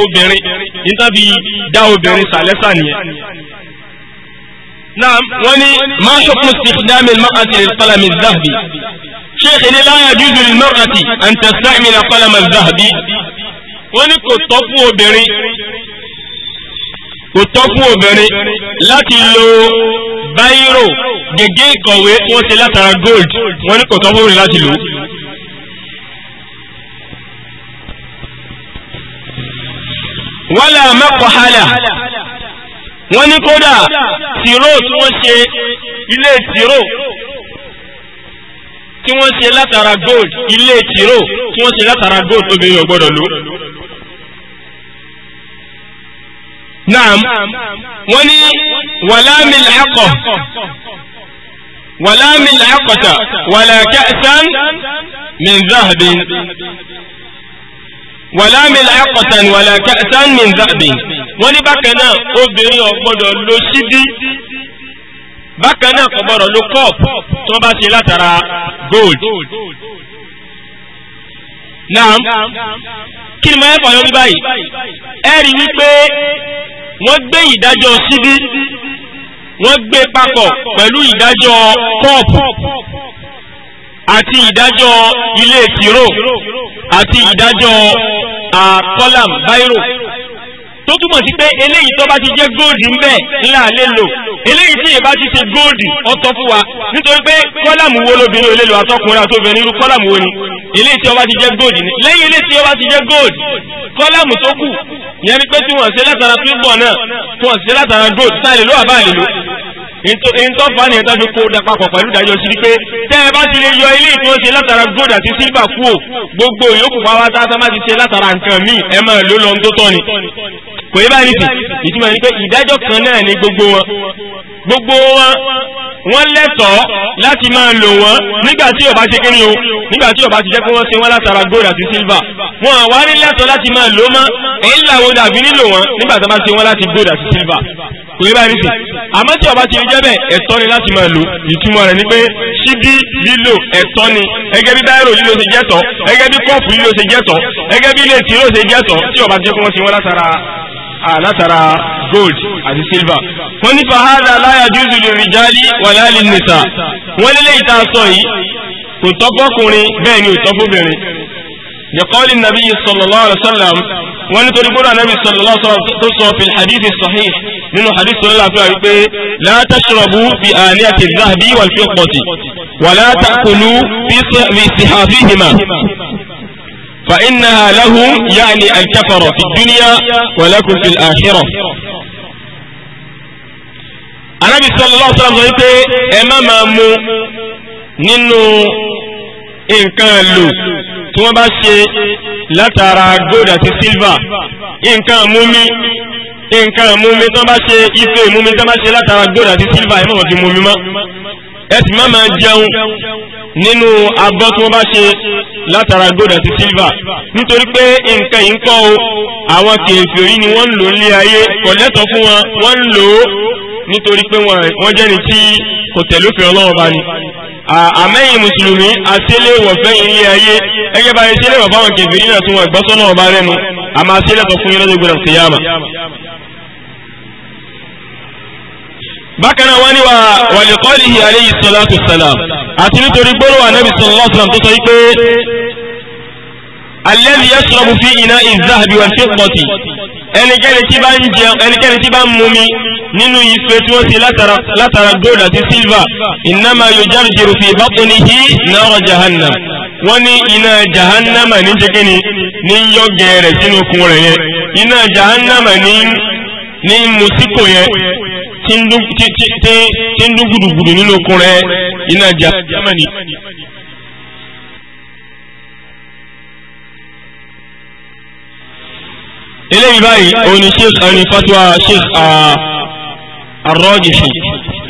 obìnrin نعم وني ما حكم استخدام المرأة للقلم الذهبي شيخ لا يجوز للمرأة أن تستعمل قلم الذهبي وني كتبوا بري كتبوا بري لا تلو báyírò جيجي ìkọ̀wé wọ́n ṣe látara gold wọ́n ní kò tọ́ fún láti lò. wala wọ́n ní kódà tìró tí wọ́n ṣe ilé tìró tí wọ́n ṣe látara gold ilé tìró tí wọ́n ṣe látara gold obìnrin ò gbọ́dọ̀ naam wọ́n ní wàlámi làákọ̀ wàlámi làákọ̀tà wàlàkẹ́ san min zahabin wàlá mil'aqatan wàlá ka'san min dha'bin wọ́n ní bákan náà obìnrin ò gbọ́dọ̀ lo ṣíbí bákan náà kò gbọ́dọ̀ lo cup tí wọ́n bá ṣe látara gold. naam kí ni mo yẹ fọyọ́ báyìí ẹ rí wípé wọ́n gbé ìdájọ́ ṣíbí wọ́n gbé papọ̀ pẹ̀lú ìdájọ́ cup àti ìdájọ́ ilé tìró àti ìdájọ́ àkọ́làm báírò tó túmọ̀ sí pé eléyìí tó bá ti jẹ́ góòdì ń bẹ̀ ńlá lè lò eléyìí tí ìbá ti ṣe góòdì ọ̀tọ̀ fún wa nítorí pé kọ́làmù wo lóbìnrin ò lè lò àtọkùnrin àtobìnrin irú kọ́làmù wo ni eléyìí tí ó bá ti jẹ́ góòdì ni lẹ́yìn eléyìí tí ó bá ti jẹ́ góòdì kọ́làmù tó kù ìyẹn ni pé tí wọ́n ṣe látara pípọ̀ náà tí wọ́n ṣe látara góòdì sáà lè lò àbá lò ìtọ́ fa ni ìtọ́jú kó da papọ̀ pẹ̀lú ìdájọ́ sí pé tẹ́ ẹ bá ti lè yọ ilé ìtún ṣe látara gold àti silver kúò gbogbo ìyókù pàwọ́ tá a sábà ti ṣe látara nǹkan míì ẹ máa ló lọ tó tọ́ ni kò yẹ báyìí nìsí ìtumọ̀ ní pé ìdájọ́ kan náà ni gbogbo wọn gbogbo wọn wọ́n lẹ́tọ̀ọ́ láti máa lò wọ́n nígbà tí ó bá ṣe kíni o nígbà tí ó bá ti jẹ́ pé wọ́n ṣe wọ́n látara gold àti silver wọn àwa ní lẹ́tọ̀ọ́ láti máa lò mọ́ èyí làwọn dàbí nílò wọn nígbà tí wọ́n bá ṣe wọ́n láti gold àti silver kò yẹ báyìí nìsí àmọ́ tí ó bá ti jẹ́ bẹ́ẹ̀ ẹ̀tọ́ ni láti máa lò ìtumọ̀ rẹ̀ ni pé ṣíbí lílo ẹ̀tọ́ ni ẹgẹ́ bí báyìí lílo ṣe jẹ́tọ̀ ẹgẹ́ bí kọ́ọ̀pù lílo ṣe jẹ́tọ̀ ẹgẹ́ bí ilé ìtì lílo ṣe jẹ́tọ̀ tí ó ti jẹ́ pé wọ́n ṣe wọ́n látara látara gold àti silver wọ́n ní fahadà láyà jùzù lè rí jálí wà láàlì nìta wọ́n nílé ìta sọ yìí kò tọ́ fọ́kùnrin bẹ́ẹ̀ ni ò tọ́ fóbìnrin lẹ́kọ́lì nàbí sallallahu alaihi wasallam wọ́n ní torí gbọ́dọ̀ nàbí sallallahu alaihi wasallam tó sọ fi hadith sahih nínú hadith tó lọ́la wípé la tashrabu fi aniyati dhahabi wal fiqati wa la ta'kulu fi sihafihima فإنها لهم يعني الكفرة في الدنيا ولكم في الآخرة Ànábì sallallahu alaihi wasallam sọ wípé ẹ má máa mu nínú nǹkan lò tí wọ́n bá ṣe látara gold àti silver nǹkan múmi nǹkan múmi tí wọ́n bá ṣe ife múmi tí wọ́n bá ṣe látara gold àti silver ẹ má máa fi múmi mọ́ ẹ sì máa jẹun nínú abọ́ tí wọ́n bá ṣe látara gold àti silver nítorí pé nǹkan yìí ń kọ́ o àwọn kèfèrí ni wọ́n ń lò nílé ayé kò lẹ́tọ̀ọ́ fún wọn wọ́n ń lò ó nítorí pé wọ́n jẹ́ni tí kò tẹ̀lé òfin ọlọ́run bá ni àmẹ́yìn mùsùlùmí àtẹ́lẹ̀wọ̀ fẹ́yìn ilé ayé ẹgbẹ́ bá yẹ sílẹ̀wọ̀ fáwọn kèfèrí náà tí wọ́n gbọ́sọ́nà ọba rẹ́nu àmọ́ àtẹ́lẹ̀tọ̀ fún yín lọ́dọ̀ gbọ́dọ̀ kìyàmà bákan náà wọ́n ní wa wàlẹ́kọ́lìhì alayhi salatu salam àti nítorí gbólóhùn anábì sallallahu alaihi wasallam tó sọ yí pé alladhi yashrabu fi ina'i zahabi wal fiddati ẹnikẹ́ni tí bá ń jẹun ẹnikẹ́ni tí bá ń mumi nínú ife tí wọ́n ti látara gold àti silver innama yujarjiru fi batnihi nara jahannam wọ́n ní iná jahannama ní jẹ́kẹ́ni ní yọ gẹ̀ẹ́rẹ̀ sínú okun rẹ̀ yẹn iná jahannama ní musiko yẹn tí ń dún gudugudu nínú okun rẹ̀ iná jà Germany. eléyìí báyìí òun ni sheikh ani fatwa sheikh arọ́jìsì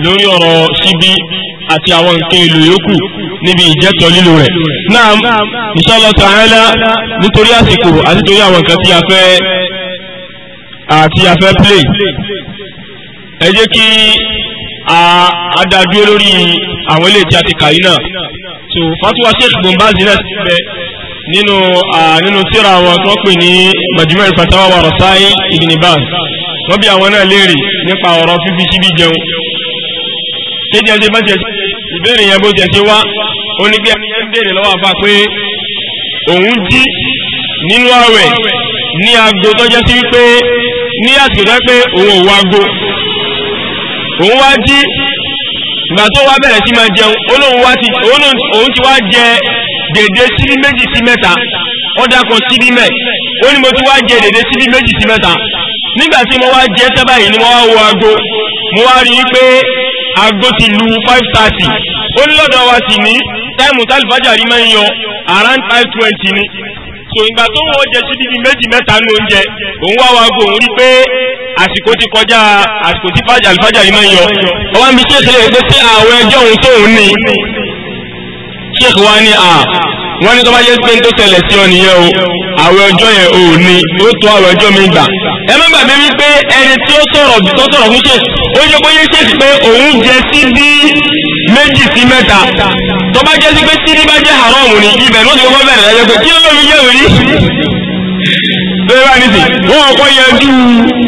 lórí ọ̀rọ̀ síbí àti àwọn nǹkan èlò yòókù níbi ìjẹ́tọ̀ lílo rẹ̀. náà inshallah ta'ala nítorí àsìkò àti torí àwọn nǹkan tí a fẹ́ àti a fẹ́ play ẹ kí a dá dúró lórí àwọn ilé tí ti kàyí náà so fatuwa sheikh bombazi náà ti bẹ nínú nínú síra wọn tó pè ní majumẹ fatawa wa rasai ibnibaz wọn bí àwọn náà léèrè nípa ọ̀rọ̀ fífi síbi jẹun kéde ẹjẹ bá jẹ ìbéèrè yẹn bó jẹ ti wá ó ní bí ẹni ń béèrè lọ́wọ́ àfa pé òun jí nínú ààwẹ̀ ní aago tó jẹ́ sí wípé ní àsìkò tó pé òun ò wá òun wá jí ìgbà tó wá bẹ̀rẹ̀ sí máa jẹun òun ti wá jẹ dèdè síbí méjì sí mẹ́ta ó dákọ̀ síbí mẹ́ ó ní mo ti wá jẹ dèdè síbí méjì sí mẹ́ta nígbà tí mo wá jẹ sábà yìí ni mo wá wo aago mo wá rí i pé aago ti lu five thirty ó ní lọ́dọ̀ wa sì ní táìmù tálífàjà rí máa ń yan around five twenty ni so ìgbà tó wọ́n jẹ síbí méjì mẹ́ta ní oúnjẹ òun wá wo aago òun rí i pé àsìkò ti kọjá àsìkò tí fájà alifájà yìí máa ń yọ ọwọ́ mi ṣe ìṣẹ̀lẹ̀ pé tí àwọn ẹjọ́ òun tóun ní ṣéèkì wa ní à wọ́n ní tó bá jẹ́ pé tó ṣẹlẹ̀ sí ọ nìyẹn o àwọn ọjọ́ yẹn ò ní ó tó àwọn ọjọ́ mi gbà ẹ má gbàgbé wípé ẹni tí ó sọ̀rọ̀ tó sọ̀rọ̀ fún ṣèṣì ó yẹ kó yẹ ṣèṣì pé òun jẹ sí bí méjì sí mẹ́ta tó jẹ́ sí pé tí ní bá jẹ́ haram ni ibẹ̀ ló ti kọ́kọ́ bẹ̀rẹ̀ ẹ̀yẹ pé kí ló bẹ́ẹ̀ bá nìsí wọ́n kọ́ yẹjú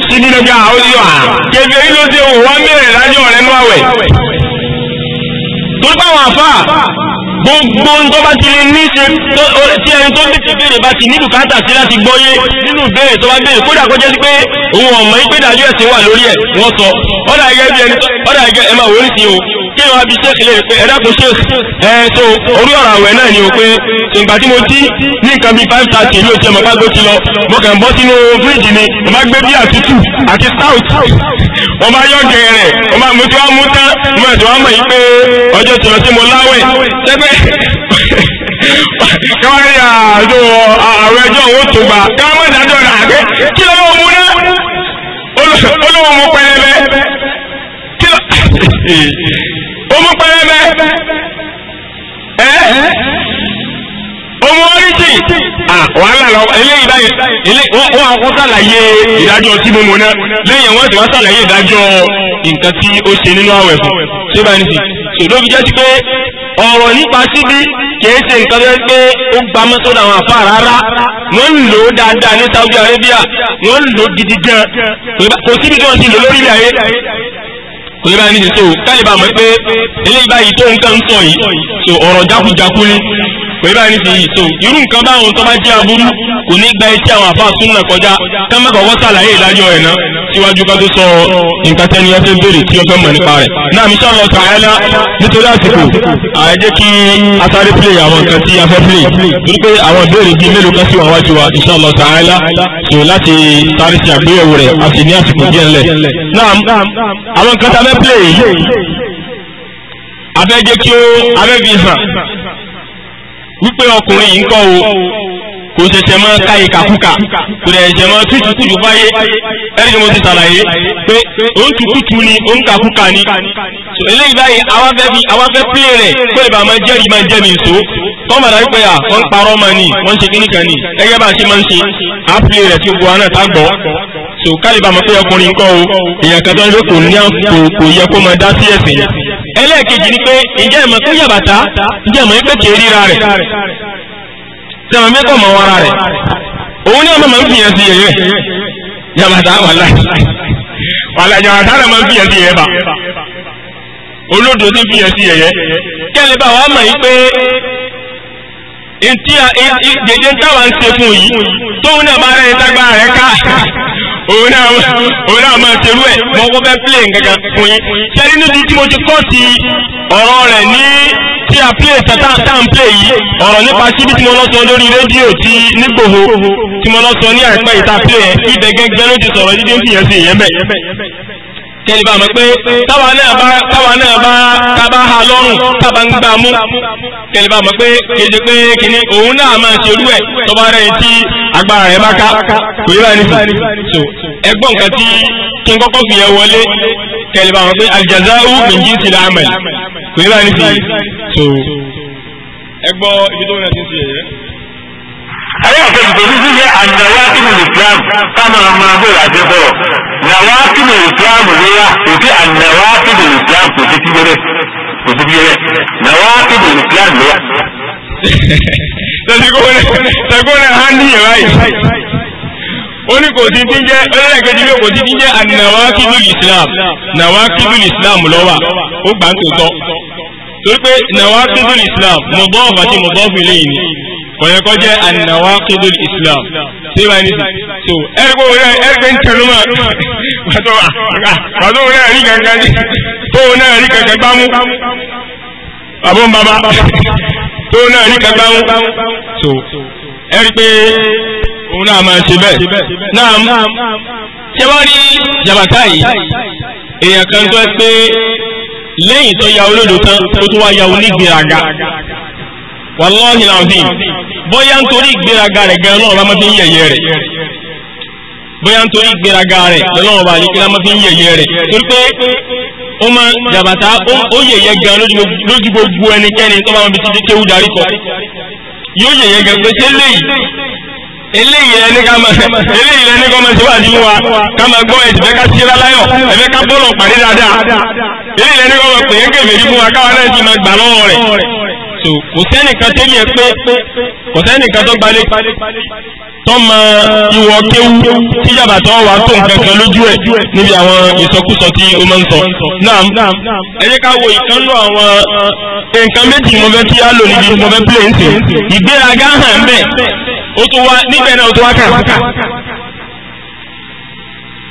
síbi lọ́jà ó yọ à kẹfẹ́ yìí ló ṣe wò wọ́n bẹ̀rẹ̀ lájọ́ rẹ̀ nú àwẹ̀ tó bá wọn fà gbogbo nǹkan bá ti lè ní ṣe tí ẹni tó ní ti béèrè bá ti ní bùkátà sí láti gbọ́yé nínú ìbéèrè tó bá béèrè kódà kó jẹ́ sí pé òun ọ̀mọ́ ìpèdájú ẹ̀sìn wà lórí ẹ̀ wọ́n sọ ọ̀dà ẹgẹ́ bí ẹni ọ̀dà ẹgẹ́ ẹ máa wò ó nìsín o kí wọn bí ṣéèkì lè pé ẹ̀dá kò ṣéèkì ẹ tó orí ọ̀rọ̀ àwẹ̀ náà ni o pé ìgbà tí mo jí ní nǹkan bíi five thirty ló jẹ́ màbá gbé ti lọ mo kàn bọ́ sínú fíríjì ni mo máa gbé bíà tútù àti stout mo máa yọ gẹ̀rẹ̀ mo máa mo ti wá mú tán mo máa ti wá mọ̀ yí pé ọjọ́ tí wọ́n ti mo láwẹ̀ ṣẹ́gbẹ́ káwárí àjò ààrẹ ẹjọ́ owó tó gbà káwá ìdájọ́ rẹ̀ [LAUGHS] ọmọ pẹrẹbẹ ẹ ọmọ oríṣi wàhálà lọ eléyìí báyìí wọn àwọn sàlàyé ìdájọ́ tí mo mọ náà lẹ́yìn àwọn tí wọn sàlàyé ìdájọ́ nǹkan tí ó ṣe nínú àwẹ̀ fún ṣé báyìí nìsí ṣòdó fi jẹ́ sí pé ọ̀rọ̀ nípa síbí kìí ṣe nǹkan tó pé ó gbámọ́ sódà àwọn àfáà rárá wọ́n lò ó dáadáa ní Saudi Arabia wọ́n lò ó gidi gan kò síbi tí wọ́n ti lò lórílẹ̀ ayé kò báyìí nìyí so káyọ̀ bá mọ̀ pé eléyìí báyìí tó nǹkan ń sọ yìí so ọ̀rọ̀ jákujàku pé báyìí ní ti yìí so irú nǹkan báwọn tó bá jẹ́ aburú kò ní gba etí àwọn àbá súnmọ́ kọjá ká má kọ́kọ́ sàlàyé ìdájọ́ ẹ̀ náà síwájú ká tó sọ nǹkan tẹ́ni ẹ fẹ́ béèrè tí ó fẹ́ mọ̀ nípa rẹ̀ náà mi sọ̀rọ̀ tààlà nítorí àsìkò àìjẹ́ kí asáré play àwọn nǹkan tí a fẹ́ play torí pé àwọn ìbéèrè bíi mélòó kan sí wọn wájú wa inshallah tààlà so láti sáré sí àgbéyẹ̀wò rẹ̀ a sì ní àsìkò díẹ̀ ńlẹ̀ náà àwọn nǹkan tá a fẹ́ play yìí abẹ́jẹ́ kí ó abẹ́bí hàn wípé ọkùnrin yìí ń kọ́ o kò ṣẹ̀ṣẹ̀ mọ́ ká ìkàkùkà kò ṣẹ̀ṣẹ̀ mọ́ tútù kùtù fáyé ẹ̀rí ni mo ti ṣàlàyé pé òun tukutu ni òun kàkùkà ni eléyìí báyìí àwa fẹ́ fi àwa fẹ́ pílé rẹ̀ kó lè bá máa jẹ́rìí máa jẹ́ mi nìṣó kọ́mọ̀ dàbí pé à wọ́n ń parọ́ máa ní wọ́n ń ṣe kíníkan ní ẹgẹ́ bá a ṣe máa ń ṣe á pílé rẹ̀ tí gbogbo aná tá gbọ́ so kálíbà mọ̀ pé ọkùnrin nǹkan o èèyàn kan tó ń lé kò ní ẹlẹ́ẹ̀kejì ni pé ǹjẹ́ ìmọ̀ tó yàbàtà ǹjẹ́ ìmọ̀ pé kèé ríra rẹ̀ sẹ́wọ̀n mẹ́kọ̀ mọ̀ wara rẹ̀ òun ní ọmọ máa ń fìyàn sí yẹ̀yẹ́ yàbàtà wàlá wàlá yàbàtà rẹ̀ máa ń fìyàn sí yẹ̀yẹ́ bá olódò ti fìyàn sí yẹ̀yẹ́ kẹ́lẹ́ bá wàá mọ̀ yìí pé ntí gbèdé táwa ń ṣe fún yìí tóun náà bá rẹ̀ ń tágbá rẹ̀ ká òun náà òun náà máa ṣerú ẹ̀ mọ kó fẹ́ plé nǹkan fún yín. sẹ́ni níbi tí mo ti kọ́ sí ọ̀rọ̀ rẹ̀ ní tí a plé tata tá à ń plé yìí ọ̀rọ̀ nípa síbi tí mo lọ sọ lórí rédíò ti nígbòho tí mo lọ sọ ní àìpẹ́ ìta plé yẹn ibẹ̀ gẹ́gẹ́ ló ti sọ̀rọ̀ dídé ń fìyẹn sí ìyẹn bẹ̀. kẹ́lí bá mọ̀ pé táwa náà bá táwa náà bá lọ́rùn tábà ń gbà mú kẹlẹ́bà mọ̀ pé kéde pé kìíní òun náà máa ṣe irú ẹ̀ tọ́ba rẹ̀ tí agbára rẹ̀ bá ká kò yí báyìí nìyí so ẹgbọ́n nǹkan tí kí n kọ́kọ́ fi yẹn wọlé kẹlẹ́bà mọ̀ pé aljazau min jinsil amal kò yí báyìí nìyí so ẹgbọ́ ibi tó rẹ̀ ti ṣe yẹ ayé àfẹ́jù tó ní sísẹ́ ànàwákìmù islam táwọn ọmọ abúlé àti ẹ̀fọ́rọ̀ nàwákìmù islam lóyà kò sí ànàwákìmù islam kò sí tíwẹ́rẹ́ kò sí bíi rẹ̀ làwọn akéde islam lọ. sẹ́gbọ́nrẹ́ á ní ìyẹn báyìí ó ní kò sí ti jẹ́ ẹlẹ́ẹ̀kejì pé kò sí ti jẹ́ ànàwákìdù islam nàwákìdù islam lọ́wà ó gbà ń tòótọ́ torí pé nàwákìdù islam mọ̀dọ́ọ̀fù àti mọ̀dọ́ọ̀fù eléyìí ni kọ̀yẹ́ kọ́ jẹ́ ànàwà kíndùn islam tí bá ní so ẹ̀rẹ́gbẹ́ orí ẹ̀rẹ́gbẹ́ ń tẹnu mọ́ pàtó ah, ah, orí ẹ̀rí kankan ní tó náà rí kankan gbámú àbọ̀n bàbá tó náà rí kankan gbámú so ẹ̀rẹ́gbẹ́ òun náà máa ṣe bẹ́ẹ̀ náà ṣe wá rí jàbàtà yìí èèyàn kan tó ẹ pé lẹ́yìn tó ya olódò tán ó tún wá ya onígbèraga wàláhì làǹfì bóyá nítorí ìgbéraga rẹ̀ gan ọlọ́run bá máa fi ń yẹ̀yẹ́ rẹ̀ bóyá nítorí ìgbéraga rẹ̀ ọlọ́run bá ní kíláà máa fi ń yẹ̀yẹ́ rẹ̀ torí pé ó máa jàbàtà ó yẹ̀yẹ́ gan lójú gbogbo ẹnikẹ́ni tó máa fi títí kéwú darí kọ yóò yẹ̀yẹ́ gan pé ṣé léyìí eléyìí ẹni ká máa eléyìí ẹni ká máa ṣe wà nínú wa ká máa gbọ́ ẹ̀sìn fẹ́ ká ṣe láláyọ̀ ẹ̀fẹ́ ká bọ́ọ̀lù pàdé dáadáa eléyìí ẹni ká máa pè é kébèrè fún wa káwa náà ti máa gbà lọ́wọ́ rẹ̀ so kò sẹ́nìkan tẹ́mi ẹ̀ pé kò sẹ́nìkan tó gbalẹ̀ tó mọ ìwọ kéwu tíjàbà tó wà tó nǹkan kan lójú ẹ̀ níbi àwọn ìsọkúsọ tí ó máa ń sọ. náà ẹ ká wo ìkan àwọn nǹkan méjì mo fẹ́ kí á lò níbi mo fẹ́ pílẹ̀ ń sè ìgbéraga hàn bẹ́ẹ̀ níbẹ̀ náà ó tún wá kà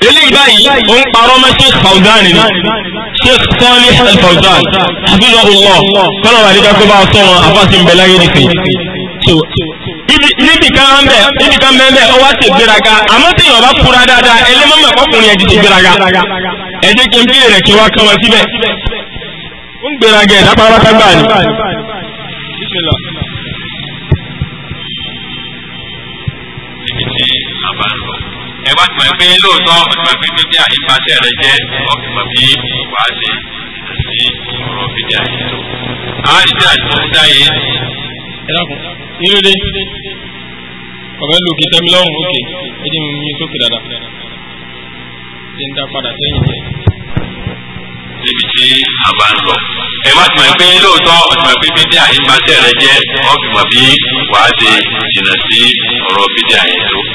eléyìí báyìí ó ń parọ́ mọ́ sheikh fauzan ni sheikh Salih al-Fauzan àbúrò ọlọ kọ́nà wà nígbà tó bá sọ wọn àfàṣì ń bẹ láyé nìkan níbi kan bẹ níbi kan bẹ bẹ ọ wá ṣe gbéraga àmọ́ tí yorùbá fura dáadáa ẹlẹ́mọ̀mọ̀ ọkùnrin ẹ̀jẹ̀ ti gbéraga ẹ̀jẹ̀ kí n bí rẹ̀ kí wá kọ́ wọn síbẹ̀ ń gbéraga ẹ̀dá pátápátá gbà ni. bá ti mọ̀ pé lóòótọ́ ó ti mọ̀ pé fídíà ìbáṣẹ́ rẹ jẹ́ ọ̀kì mọ̀ bí wà á ṣe sí ọ̀rọ̀ fídíà yìí tó. àwọn ìdílé àti tó ń dá yìí. ẹ dákun irú dé ọ̀bẹ lu kìí tẹ́mi lọ́rùn òkè ẹ jẹ́ mi sókè dáadáa ṣe ń dá padà sẹ́yìn jẹ́. níbi tí a bá ń lọ ẹ bá ti mọ̀ lóòótọ́ ó ti mọ̀ pé fídíà ìbáṣẹ́ rẹ jẹ́ ọ̀kì mọ̀ bí wà á ṣe sí ọ̀rọ̀ fídíà yìí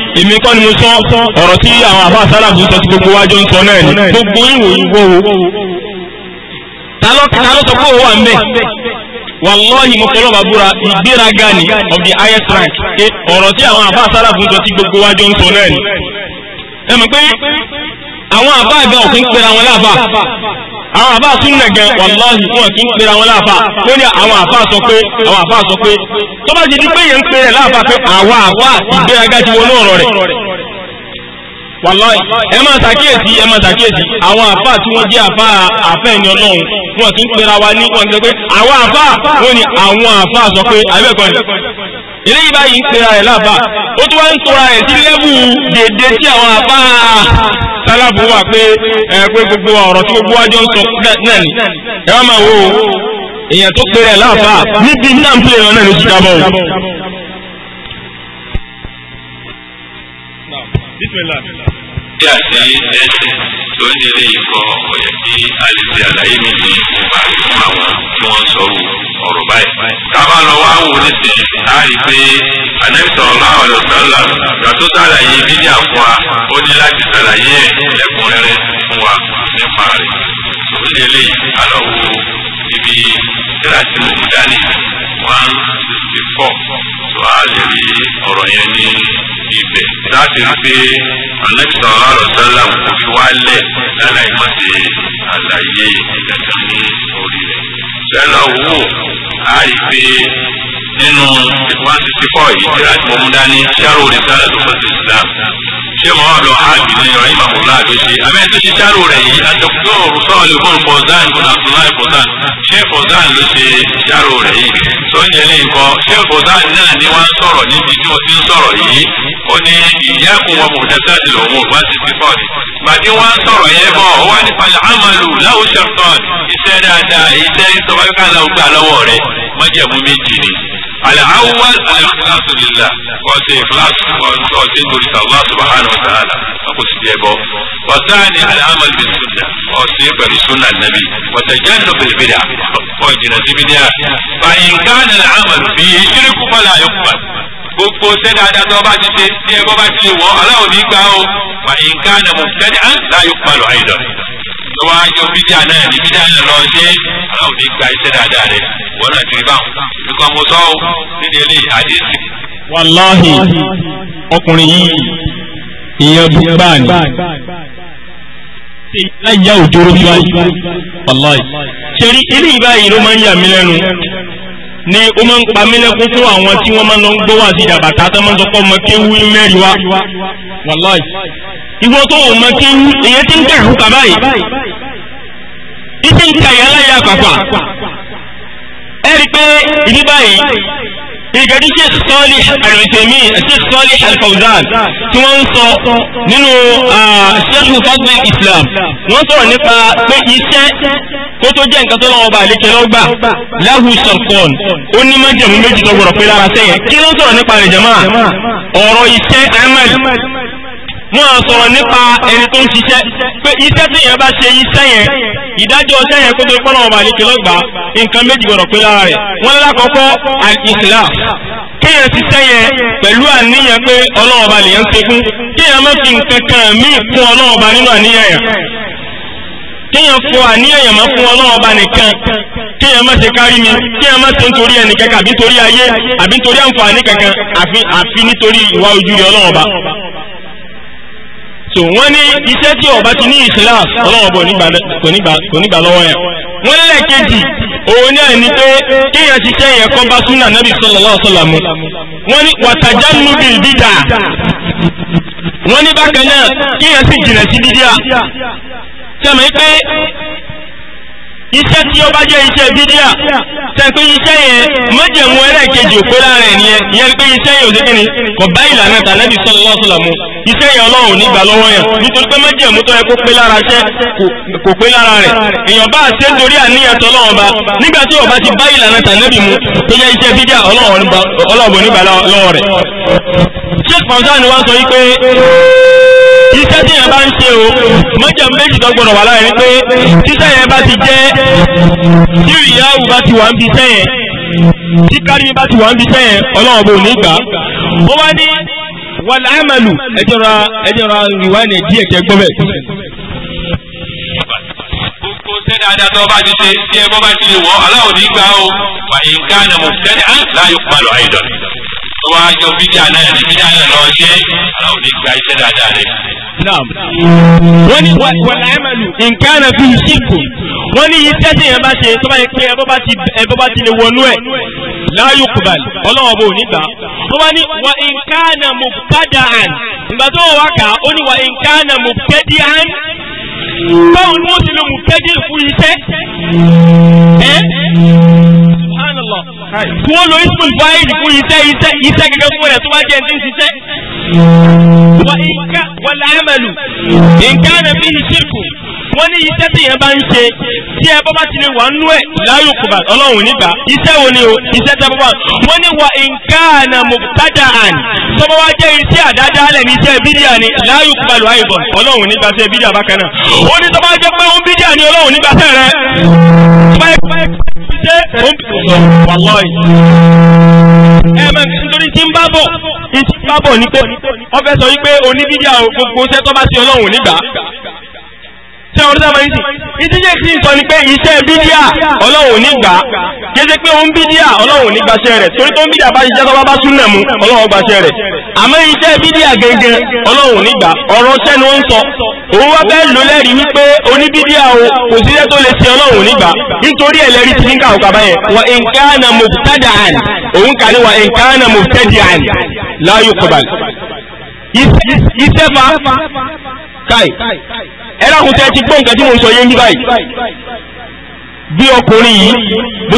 èmi kọ́ ni mo sọ ọ̀rọ̀ tí àwọn àbá sálàbù sọ sí gbogbo wájú ń sọ náà ni gbogbo ìwòyìn wọ́wọ́ tálọ́ sọ pé òun wà ń bẹ̀ wàlọ́ọ̀hì mo fọlọ́ bàbúrà ìgbéraga ni of the highest rank ọ̀rọ̀ tí àwọn àbá sálàbù sọ sí gbogbo wájú ń sọ náà ni ẹ mọ̀ pé àwọn àbá àgbà òfin pera wọn láàbà àwọn àbá súnlẹ̀ gan wàláhì wọn kì í pera wọn láàfà wọn ní àwọn àfà sọ pé àwọn àfà sọ pé tó bá ti di pé yẹn ń pera láàfà pé àwa àwa àti ìgbéraga ti wọnú ọ̀rọ̀ rẹ̀ wàláhì ẹ máa ṣàkíyèsí ẹ máa ṣàkíyèsí àwọn àfà tí wọ́n jẹ́ àfà àfẹ́ni ọlọ́run wọn kì í pera wa ní wọn sọ pé àwọn àfà wọn àwọn àfà sọ pé àbẹ́ẹ̀kọ́ eléyìí báyìí ń pera rẹ̀ lábà ó tún wá ń tora rẹ̀ sí lẹ́bù dèdè tí àwọn àbá sálàbù wà pé ẹ pé gbogbo ọ̀rọ̀ tí gbogbo wájọ ń sọ náà ni ẹ wá máa wo èèyàn tó pera rẹ̀ lábà níbi náà ń pè wọn náà ní ṣùgbọ́n. bí àti ẹsẹ̀ tó ń délé ikọ̀ ọ̀yẹ́ kí a lè àlàyé mi ní ìgbà fún àwọn tí wọ́n ń sọ̀rọ̀ ọ̀rọ̀ báyìí. kábà lọ wá wò ní sèé a rí i pé ànábì sallallahu alaihi wasallam gàtó sàlàyé bídíà fún wa ó ní láti sàlàyé ẹ̀kúnrẹ́rẹ́ fún wa nípa rẹ̀. ó lé lé àlọ́wọ́ ibi kíláàsì mọ̀mú dání one sixty four tó a lè rí ọ̀rọ̀ yẹn ní ibẹ̀. láti rí pé ànábì sallallahu alaihi wasallam kò fi wá lẹ̀ láláì má ṣe àlàyé ìdàgbàsókè ẹ lọ wò á rí i pé nínú one sixty four yìí tí láti mọ̀mú dání ṣáró rẹ̀ sára tó fẹ́ sí islam ṣé mo wà lọ áàbì ní ọ̀rẹ́ ìmàmù láàdó ṣe àmẹ́ tó ṣe ṣáró rẹ̀ yìí àjọpọ̀ rúṣọ́ lè mọ̀ fọ̀zán kò náà fún láì fọ̀zán ṣé fọ̀zán ló ṣe ṣáró rẹ̀ yìí tó ń ní nǹkan ṣé fọ̀zán náà ni wọ́n ń sọ̀rọ̀ níbi tí wọ́n ti ń sọ̀rọ̀ yìí ó ní ìyá kò wọ́n mọ̀ gbàdí wọn sọ̀rọ̀ yẹn bọ̀ ó wà nípa àmàlù láwọn ṣẹ̀tọ́n iṣẹ́ dáadáa èyí tẹ́ sọ̀rọ̀ yẹn káàlà ògbà lọ́wọ́ rẹ̀ májẹ̀mú méjì ni. الأول الإخلاص لله قلت إخلاص قلت إنه الله سبحانه وتعالى فقلت بيبو والثاني العمل بالسنة وصيب بسنة النبي وتجنب البدع وجنة البدع فإن كان العمل فيه شرك فلا يقبل gbogbo ṣẹ́ dáadáa tó bá ti ṣe tí ẹgbọ́ bá ti lè wọ́ aláwọ̀ ní gbà ó wà nǹkan náà mo fẹ́ ní à ń ta yóò pa lọ àìlọ. tó wá yọ bídíà náà ní bídíà náà lọ ṣe aláwọ̀ ní gbà iṣẹ́ dáadáa rẹ̀ wọ́n náà ti rí báwọn. nǹkan mo sọ ọ́ nídìí eléyìí àdéhùn. wàláhì ọkùnrin yìí ìyẹn dúpẹ́ àná ìyá òjòrò bíbáyìí wàláhì ṣe rí eléyìí báyìí ló máa ń yà mí lẹ́nu ni ó máa ń pa mí lẹ́kún fún àwọn tí wọ́n máa ń lọ gbọ́ wá sí ìdàbàtà tó máa ń sọpọ́ ọmọ kéwú mẹ́rin wá ìwọ tó wọ́n kéwú èyẹ ti ń kà ẹ̀rù kàbá yìí ìdí ń kà yàrá yà pàpà ẹ rí i pé ìdí báyìí ìgbẹ́dí sheikh sọ́ọ̀lì àlùtẹ̀mí sheikh sọ́ọ̀lì alfawzan tí wọ́n ń sọ nínú sheikh fadl islam wọ́n sọ̀rọ̀ nípa pé iṣẹ́ kó tó jẹ́ nǹkan tó lọ́wọ́ bá àlékè lọ́gbà láhù sọ̀kọ̀n ó ní májèmú méjì tó gbọ́dọ̀ pé lára sẹ́yìn kí ló sọ̀rọ̀ nípa rẹ̀ jẹ́mà ọ̀rọ̀ iṣẹ́ ahmed wọ́n á sọ̀rọ̀ nípa ẹni tó ń ṣiṣẹ́ pé iṣẹ́ tí yẹn bá ṣe iṣẹ́ yẹn ìdájọ́ iṣẹ́ yẹn kó tó pọ́nà ọba àlekè lọ́gbàá nǹkan méjì gbọ́dọ̀ pé lára rẹ̀ wọ́n lákọ̀ọ́kọ́ al-islam kéèyàn ṣiṣẹ́ yẹn pẹ̀lú àníyàn pé ọlọ́run ọba lèyàn ń ṣe fún kéèyàn má fi nǹkan kan míì kún ọlọ́run ọba nínú àníyàn yẹn kéèyàn fọ àníyàn yẹn má fún ọlọ́run ọba nìkan kéèyàn má ṣe kárí mi kéèyàn má ṣe nítorí ẹnìkan àbí nítorí ayé àbí nítorí àǹfààní kankan àfi nítorí ìwà ojú rẹ̀ ọlọ́run ọba so wọ́n ní iṣẹ́ tí ọba ti ní ìṣẹ́lá ọlọ́wọ́ bò nígbà lọ́wọ́ yẹn wọ́n lẹ́lẹ̀ kejì òun ni pé kéèyàn ṣiṣẹ́ yẹn kọ́ bá súnà nábì sallallahu alaihi wasallam wọ́n ní wàtàjá nùbì bídà wọ́n ní bákan náà kéèyàn sì jìnà sí pé iṣẹ́ tí ó bá jẹ́ iṣẹ́ bídíà tẹ́ pé iṣẹ́ yẹn mọ́jẹ̀mú ẹlẹ́ẹ̀kejì òpé lára ẹ̀ nìyẹn ìyẹn pé iṣẹ́ yẹn ò sí kíni kò bá ìlànà tànẹ́bì sallallahu alaihi wasallam iṣẹ́ yẹn ọlọ́run nígbà lọ́wọ́ yẹn nítorí pé mọ́jẹ̀mú tó yẹ kó pé lára iṣẹ́ kò pé lára rẹ̀ èèyàn bá ṣe ń torí àníyàn tọ́lọ́run ba nígbà tí ọba ti bá ìlànà tànẹ́bì mu tó jẹ́ iṣẹ́ bídíà ọlọ́run nígbà lọ́wọ́ rẹ̀ iṣẹ́ tí yẹn bá ń ṣe o mọ́jà méjì tó gbọ́dọ̀ wà láàrin pé tíṣẹ́ yẹn bá ti jẹ́ tí ìyáwó bá ti wà ń bi iṣẹ́ yẹn tí kárí bá ti wà ń bi iṣẹ́ ọlọ́run bò ní gbà. ó wá ní wàlẹ̀ àmàlù ẹjọ́ ra ẹjọ́ ra ìwà ẹ̀ díẹ̀ kẹ́ gbọ́ bẹ́ẹ̀. gbogbo sẹ́ni adájọ́ bá ti ṣe tí ẹ bọ́ bá ti wọ̀ ọlọ́run ní gbà o fàyínká ni mo sẹ́ni á láyò pàlọ́ àìdọ̀tí tó wá yọ bídíà náà ní bídíà náà lọ ṣe àwọn onígbà iṣẹ́ dáadáa rẹ̀. wọ́n ní wọ́n àmàlù nǹkan náà fi ṣìkù wọ́n ní iṣẹ́ tí yẹn bá ṣe tó bá yẹ pé ẹbọ́ bá ti lè wọnú ẹ̀ láyò kùbàlì ọlọ́wọ́ bò nígbà wọ́n bá ní wà nǹkan náà mọ̀ bàdà àn ìgbà tó wà kà ó ní wà nǹkan mọ̀ bẹ́dì àn báwo ni wọ́n ti lè mú bẹ́dì fún iṣẹ́ kí wọ́n lo ismail fáìlì fún iṣẹ́ iṣẹ́ iṣẹ́ gẹ́gẹ́ fún ẹ̀ tó bá jẹ́ ẹni ṣiṣẹ́. wà á ìka wà láyé mẹ́lù nǹkan ẹ̀ bí ìṣirkù wọ́n ní iṣẹ́ tí yẹn bá ń ṣe tí ẹ bọ́ bá ti lè wà nú ẹ̀ láyò kùbà ọlọ́run nígbà iṣẹ́ wo ni o iṣẹ́ tẹ́ bọ́ bá wọ́n ní wa nǹkan mọ̀tàdà àn tọ́bọ̀ wá jẹ́ iṣẹ́ àdáadáa lẹ̀ ní iṣẹ́ bídíà ni láyò kùbà lù àyè bọ̀ ọlọ́run nígbà ṣe bídíà bákan náà ó ní tọ́bọ̀ jẹ́ pé òun bídíà ni ọlọ́run nígbà tẹ̀ rẹ ẹ̀mẹ̀ sọ wípé oníbídíà gbogbo iṣẹ́ bá ti ọlọ́run nígbà tán ọdún sábà yìí sí ìdíje sí sọ ni pé iṣẹ́ bídíà ọlọ́run ní gbà kéde pé òun bídíà ọlọ́run ní gbàṣẹ rẹ̀ torí tó ń bídíà bá ṣiṣẹ́ tó bá bá súnà mu ọlọ́run gbàṣẹ rẹ̀ àmọ́ iṣẹ́ bídíà gẹ́gẹ́ ọlọ́run ní gbà ọ̀rọ̀ ṣẹ́ ni ó ń sọ òun wá fẹ́ lò lẹ́rìí wípé oníbídíà o kò sí iṣẹ́ tó lè ṣe ọlọ́run ní gbà nítorí ẹ̀ lẹ́rìí ti ní ká òkà báyẹn wa in kana mubtadi'an òun kai ẹlẹ́kùn tẹ́ ti gbọ́ nǹkan tí mo sọ yé ní báyìí bí ọkùnrin yìí bó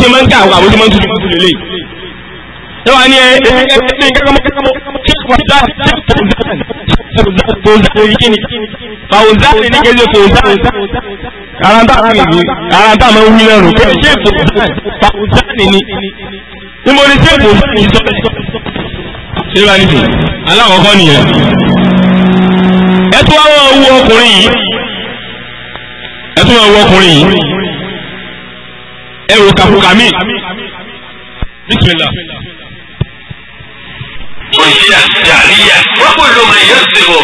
ṣe máa ń ká àwọn àbójútó máa ń tutù tutù lélẹ̀ yóò wá ní ẹ fàwùzáàlì ní kéde fòwùzáàlì karanta mi ni karanta mi wí lẹ́rù pé ṣé fòwùzáàlì ni ní mo ní ṣé fòwùzáàlì sọ ṣé wà níbi aláwọ̀ kọ́ nìyẹn ẹtú àwọn ọwọ́ ọkùnrin yìí ẹtú àwọn ọwọ́ ọkùnrin yìí ẹwò kàkùkàmí bísímìlà. òṣìṣẹ́ jàríyà wọ́n kò lóore yóò ṣe wò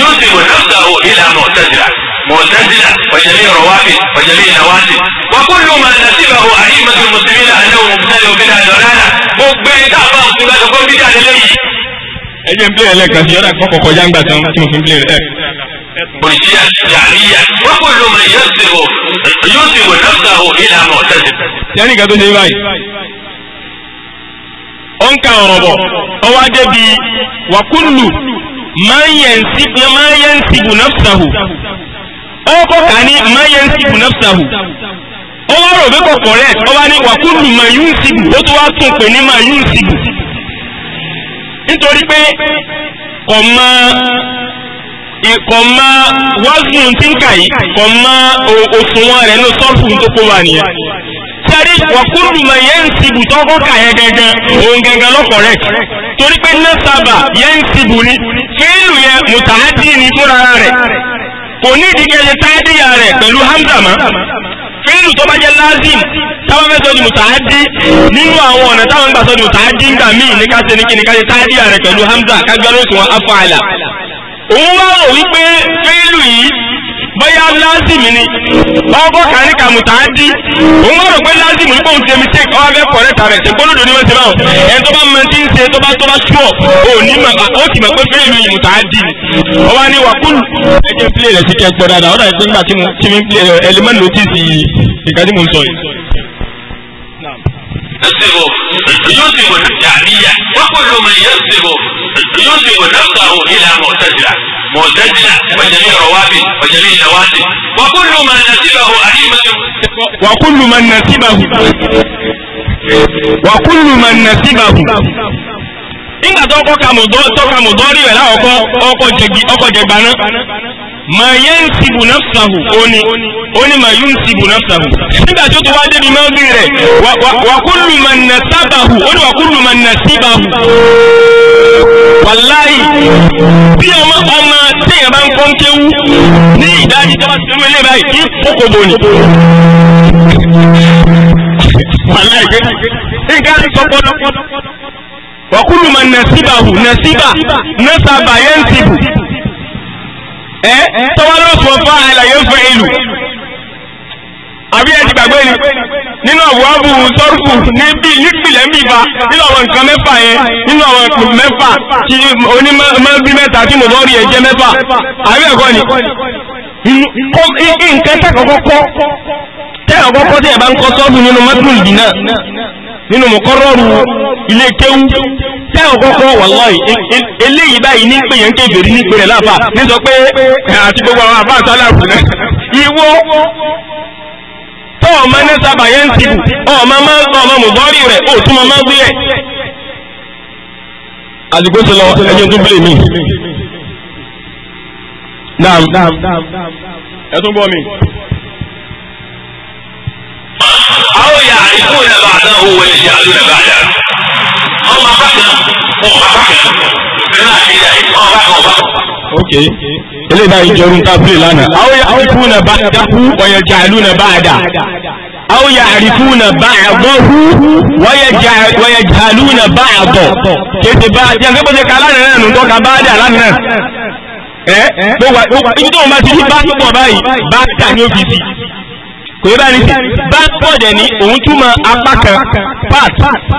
yóò ṣe wò náà wò ìlànà ọ̀tẹ̀dìrà معتزلة وجميع الروافد وجميع النوازل وكل ما نسبه أئمة المسلمين أنه مبتدع بلا دلالة مقبل تعبان كلها تقول بدعة لليه ẹ jẹ́ n play rẹ̀ lẹ́ẹ̀kan sí ọ̀dà kọ́kọ́ kọjá ń gbà tán tí mo fi ń play rẹ̀. òṣìṣẹ́ àríyá wọ́n kò lóun rẹ̀ yóò sì wò yóò sì wò náà sáwò ìlànà ọ̀tẹ̀sẹ̀. sẹ́ni kan tó ṣe báyìí ó ń ka ọ̀rọ̀ bọ̀ ó wá débi wàkúlù máa ń yẹn síbu nafsahu ó kọ́ ká ní máa ń yẹn síbu nafsahu ó wá rò pé kọ̀kọ̀ rẹ̀ ó wá wàkúlù máa yún síbu ó tó wá tún pè ní máa yún síbu nítorí pé kò mọ kò mọ wázùn tí ń kà yìí kò mọ òṣùwọ̀n rẹ̀ ní sọ́ọ̀fù tó kó wà nìyẹn sẹ́rí wọ̀kúrù mọ̀ yẹn ń sibù tọ́kọ́ kà yẹn gẹ́gẹ́ òun gẹ́gẹ́ lọ́kọ̀ rẹ̀ torí pé nẹ́sàbà yẹn ń sibù ni fíìlù yẹn mùtàhádì ni fúnra rẹ̀ kò ní ìdíkẹ́ yẹn táyà rẹ̀ pẹ̀lú hamza mọ́ fíìlù tó bá jẹ́ lázìm táwọn fẹ́ sọ di mùtàádì nínú àwọn ọ̀nà táwọn gbà sọ di mùtàádì ńgbà míì ní ká ṣe ní kíni ká ṣe táàdì ààrẹ pẹ̀lú hamza kájọ́ lóṣù wọn afọ àlà òun wá rò wípé fíìlù yìí bóyá lázìmì ni ọgbọ́ kàní kàmùtà á dí òun gbọ́dọ̀ pé lázìmì nípa òun ti ṣe mistake ọwọ́ abẹ́ kọ̀rẹ́ tààrẹ̀ ṣe gbọ́dọ̀ ní wọ́n ti máa ẹ̀ tó bá mọ tí ń ṣe tó bá tó bá tú ọ̀ òní mà ó ti mọ̀ pé fẹ́ẹ́ lu ìmùtà á dí ni ọwọ́ ni wàkúlù ẹ̀jẹ̀ play rẹ̀ sí kẹ́kọ̀ọ́ dáadáa ọ̀dà ìpín nígbà tí mo ti mi play element notice ìkàdí mo ń sọ yìí yóò ti wọ̀ ينسب نفسه إلى معتزلة معتزلة وجميع روابط وجميع لوازم وكل من نسبه أئمة وكل من نسبه وكل من نسبه nígbà tó kọ́ ka mọ̀dọ́ tó ka mọ̀dọ́ rí rẹ̀ ma yansibu nafsahu oni oni ma yunsibu nafsahu nígbà tó tó wá débi máa bí rẹ̀ wa kullu man nasabahu oni wa kullu man nasibahu wàláyì bí ọmọ ọmọ téèyàn bá ń kọ́ ń kéwú ní ìdájí tó bá ti mú ilé báyìí kí kókòbò ni wàláyì nǹkan ti sọ pọ́nọ́pọ́nọ́ wa kullu man nasibahu nasiba nasaba yansibu. Eh? tọ́wọ́ ló sọ fún àlàyé fẹ́ ìlú àbí ẹ ti gbàgbé ni nínú àwọn àbù sọ́rùkù níbi nípìlẹ̀ mìíba nínú àwọn nǹkan mẹ́fà yẹn nínú àwọn ìpò mẹ́fà tí onímọ̀bí mẹ́ta tí mo lọ́ọ̀rì ẹ̀ jẹ́ mẹ́fà àbí ẹ̀kọ́ ni nǹkan tẹ́kọ̀ọ́ kọ́ tẹ́yọ̀ kọ́kọ́ tẹ́yẹ̀ bá ń kọ́ sọ́ọ̀bù nínú mẹ́tùlì náà nínú mọ̀kọ́rọ́rù ilé kéwú táwọn ọwụwa wàláì eléyìí báyìí ní pé kéde ní pé rẹ̀ láàfà pé àti gbogbo àwọn àfáà sálàbù náà ìwọ tó ọmọ ní sábà yẹn ń tibù ọmọ máa ń gbọ́ ọmọ mùbọ́rì rẹ̀ ó tún máa ń gbé ẹ̀. àdìgbò ti lọ tó mi. ẹ tún bọ́ mi. àwọn ṣe báyà. ọmọ apá kan ọmọ apá kan nínú àṣírí àyè ọmọ apá kan ọmọ apá kan. ok eléyìí náà ìjọ orun tábìlì lánàá. àwọn yàrá kú na bá dákú ọ̀yẹ̀ jàlú na bá dà. àwọn yàrá kú na bá àgbọ̀ hu wọ́yẹ̀ jàlú na bá àgbọ̀. kéde bá a jẹ́ nígbà ká lánàá náà nù ká bá dà lánàá. ẹ ẹ ibi tó wọn bá ti ní bá tó pọ̀ báyìí bá kà ní òfìsì kò yẹ báyìí backward ẹ̀ ní òun túmọ̀ apá kan part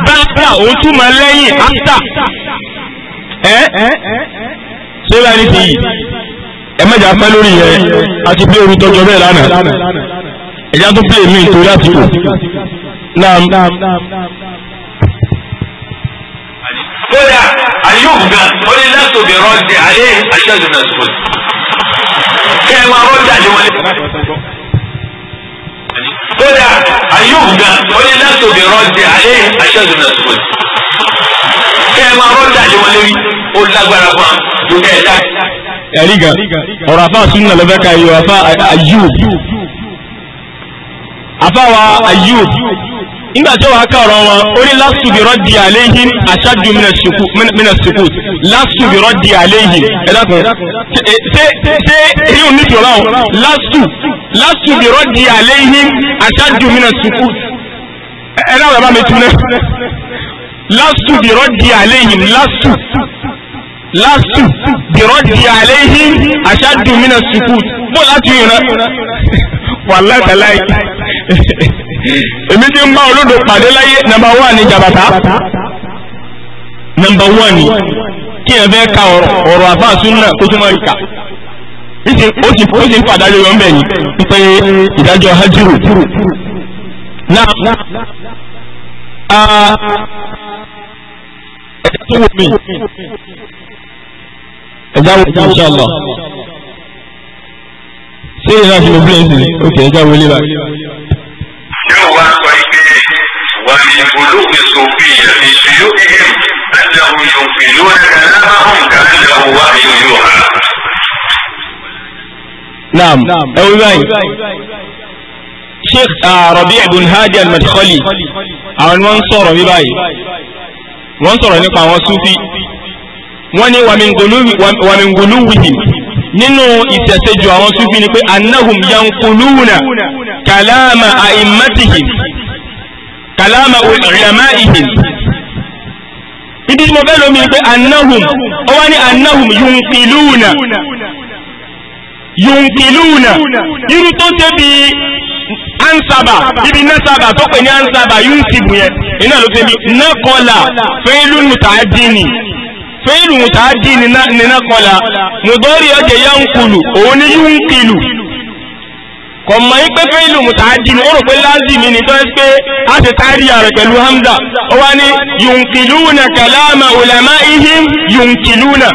backward òun túmọ̀ lẹ́yìn after ẹ́ ṣé báyìí ti yìí ẹ mẹ́jà pẹ́ lórí yẹn àti bí orí tọjọ́ bẹ́ẹ̀ lánàá ẹ̀já tó pè mí nítorí àtìkù náà. kódà ayub gan ó ní láti òbí rọ́ọ̀dì ayé àṣẹ ìdùnnà ìsòkòtì kẹ́ ẹ máa rọ́ọ̀dì àdéwọlé kódà ayub gan oní lẹ́tọ̀ bí rọ́ọ̀dì alẹ́ aṣẹ́gun náà sọ̀rọ̀ kẹ́ ẹ máa rọ́ọ̀dì àlẹ́ wọn lérí ó lágbára fún wa ju kẹ́ ẹ dá. ẹ̀rí gan ọ̀rọ̀ àfa sunna ló fẹ́ ka yọ àfa ayub àfa wa ayub nígbà tí wàá kà ọ̀rọ̀ wọn ó ní lásù di rọ́ọ̀dì àléhìn aṣáájú mìnà sukùt lásù bí rọ́ọ̀dì àléhìn ẹ̀dá kan ṣé ṣé èyí ò ní tòlá lásù lásù bí rọ́dì àléhìn aṣáájú mi náà sùkú ẹ̀rọ àwọn bàbá mi tún náà lásù bí rọ́dì àléhìn lásù lásù bí rọ́dì àléhìn aṣáájú mi náà sùkú bó láti yìnrán wàhálà tàláì èmi ti ń bá olódò pàdé láyé nàmbà wà ní jàbàtà nàmbà wà ní kí ẹ fẹ́ ka ọ̀rọ̀ àfáàsùn náà kó tó máa rí kà ìsìn ó sì ó sì ń fàdájọ yọ mbẹ ni pé ìdájọ́ hajiru náà ẹ̀jẹ̀ tó wù mí ẹ̀jẹ̀ àwọn ọ̀hún ṣàlọ̀ ṣé ìlànà fi mo bí ẹ̀sìn òkè ẹ̀jẹ̀ àwọn ilé báyìí. yóò wá sọ ike wà ní olóògbé sòfin ìyàtí ṣùgbọ́n ìhìn àti àwọn yòókè lórí ẹ̀ka lábàáhùn kàlẹ́ ìyàwó wà ní ìlú ọ̀hún. نعم. ẹ wí báyìí sheikh ah, rabi ibn hadi al-madkhali àwọn wọ́n sọ̀rọ̀ mi báyìí wọ́n sọ̀rọ̀ nípa àwọn sufi wọ́n ní wàmí ngulú wihim nínú ìtẹ̀sẹ̀jù àwọn sufi ni pé annahum yankuluna kalama a'immatihim kalama ulama'ihim ibi mo fẹ́ lómi ni pé annahum ó wá ní annahum yunkiluna irú tó ṣe bí ansaba ibi nasaba tó pè ní ansaba yunsibu yẹn iná ló ṣe bí nakola fẹ́ẹ́lú mùtàdínì fẹ́ẹ́lù mùtàdínì ní nakola mùdọ́rì ọjà yankulu òun ni yunkilu kò mọ̀ yí pé fẹ́ìlù ó rò pé lázìmí ni tó ẹ́ pé a ti tàrí ààrẹ pẹ̀lú hamza ó wá ní yùnkìlúnà kàlámà ulama ihim yùnkìlúnà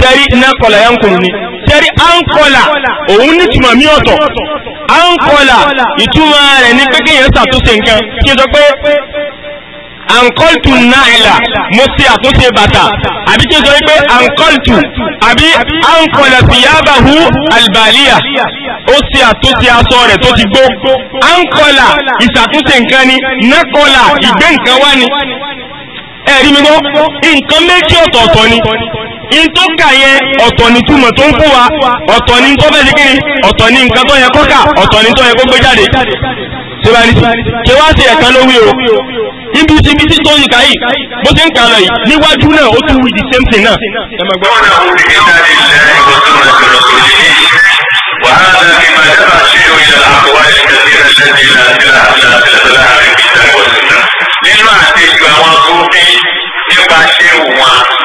tẹ́rí iná kọ̀lá ni tẹ́rí áńkọ́là òun ní ìtumọ̀ mí ọ̀tọ̀ áńkọ́là ìtumọ̀ rẹ̀ ní pé kéèyàn ṣàtúnṣe nǹkan kí n sọ pé àǹkọ́ltù náìlà mo ṣe àtúnṣe bàtà àbí kí n sọ wípé àǹkọ́ltù àbí àǹkọ́là tìyábàhú àlbàlíyà ó ṣe àtúnṣe aṣọ rẹ̀ tó ti gbó àǹkọ́là ìṣàtúnṣe nǹkan ni nákọ́là ìgbé nǹkan wá ni ẹ̀rí mi gbọ́ nǹkan méjì ọ̀tọ̀ọ̀tọ̀ ni in tó kà yẹ ọ̀tọ̀ ní túmọ̀ tó ń fún wa ọ̀tọ̀ ní tó fẹ́ sí kí ọ̀tọ̀ ní nǹkan tó yẹ kó kà ọ̀tọ̀ ní tó yẹ kó gbé jáde ṣé bá ní sí ṣé wá sí ẹ̀kan ló o níbi tí bí tí tó yìí káyì bó ti ń kà lọ yìí níwájú náà ó tún wí the same thing náà. ẹ máa gbọ́. nínú àti ìgbà wọn tó bí nípa ṣé wọn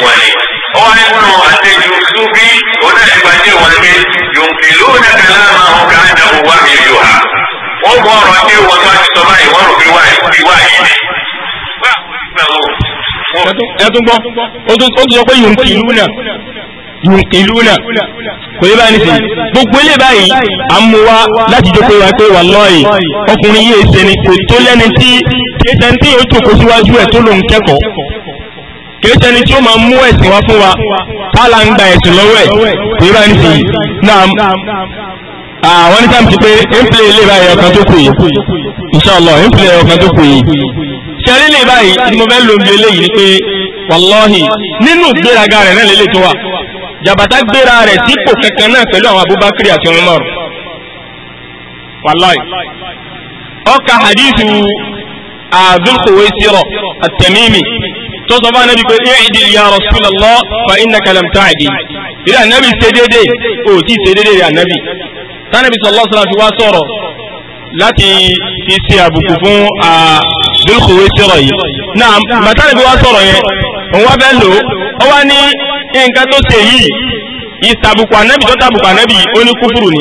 wọn ni ó wá nínú àtẹjù súbí onáṣìbàjẹ́ wọn pé yòǹkì lóòdà kàlámà ọ̀gá àdàwò wà mí lò ha wọ́n bọ̀ ọ̀rọ̀ tí wọ́n bá ti sọ báyìí wọ́n rò pé wà yìí wà yìí ni. ẹtún gbọ́ ó tún sọ pé yòǹkì lóòdà yunkiluna kò yé báyìí nìsín gbogbo ilé báyìí à ń mú wa láti jókòó wa pé wallahi ọkùnrin yìí ṣe ni kò tó lẹ́ni tí ẹsẹ̀ ní tí yóò jókòó síwájú ẹ̀ tó lòun kẹ́kọ̀ọ́ kìí ṣẹni tí ó máa mú ẹ̀sìn wá fún wa tààlà ń gba ẹ̀sìn lọ́wọ́ ẹ̀ kò yíra ní sí náà àwọn oníṣàmì ti pé ìpìlẹ̀ ilé ìbáyé ọkàn tó kù yìí inshallah ìpìlẹ̀ ọkàn tó kù yìí ṣẹlẹ̀ ilé ìbáyé ni mo fẹ́ lo ibi eléyìí ni pé wàlọ́hì nínú gbéraga rẹ̀ náà lélẹ̀ tó wà jàbàtà gbéra rẹ̀ sípò kankan náà pẹ̀lú àwọn Abubakar àti Umar wàlọ́hì ọkà hadithu Dhul Khuwaysira at-Tamimi tó sọ bá nẹ́bí pé i'dil ya Rasulullah fa innaka lam ta'dil ìrẹ ànábì ṣe déédéé ò tí ṣe déédéé rẹ ànábì tánàbì sallallahu alaihi wasallam fi wá sọ̀rọ̀ láti fi ṣe àbùkù fún àdúlùkùwé sọ̀rọ̀ yìí náà bàtánàbì wá sọ̀rọ̀ yẹn òun wá bẹ́ẹ̀ lò ó wá ní nǹkan tó ṣe yìí ìsàbùkù ànábì tó tàbùkù ànábì ó ní kúfùrù ni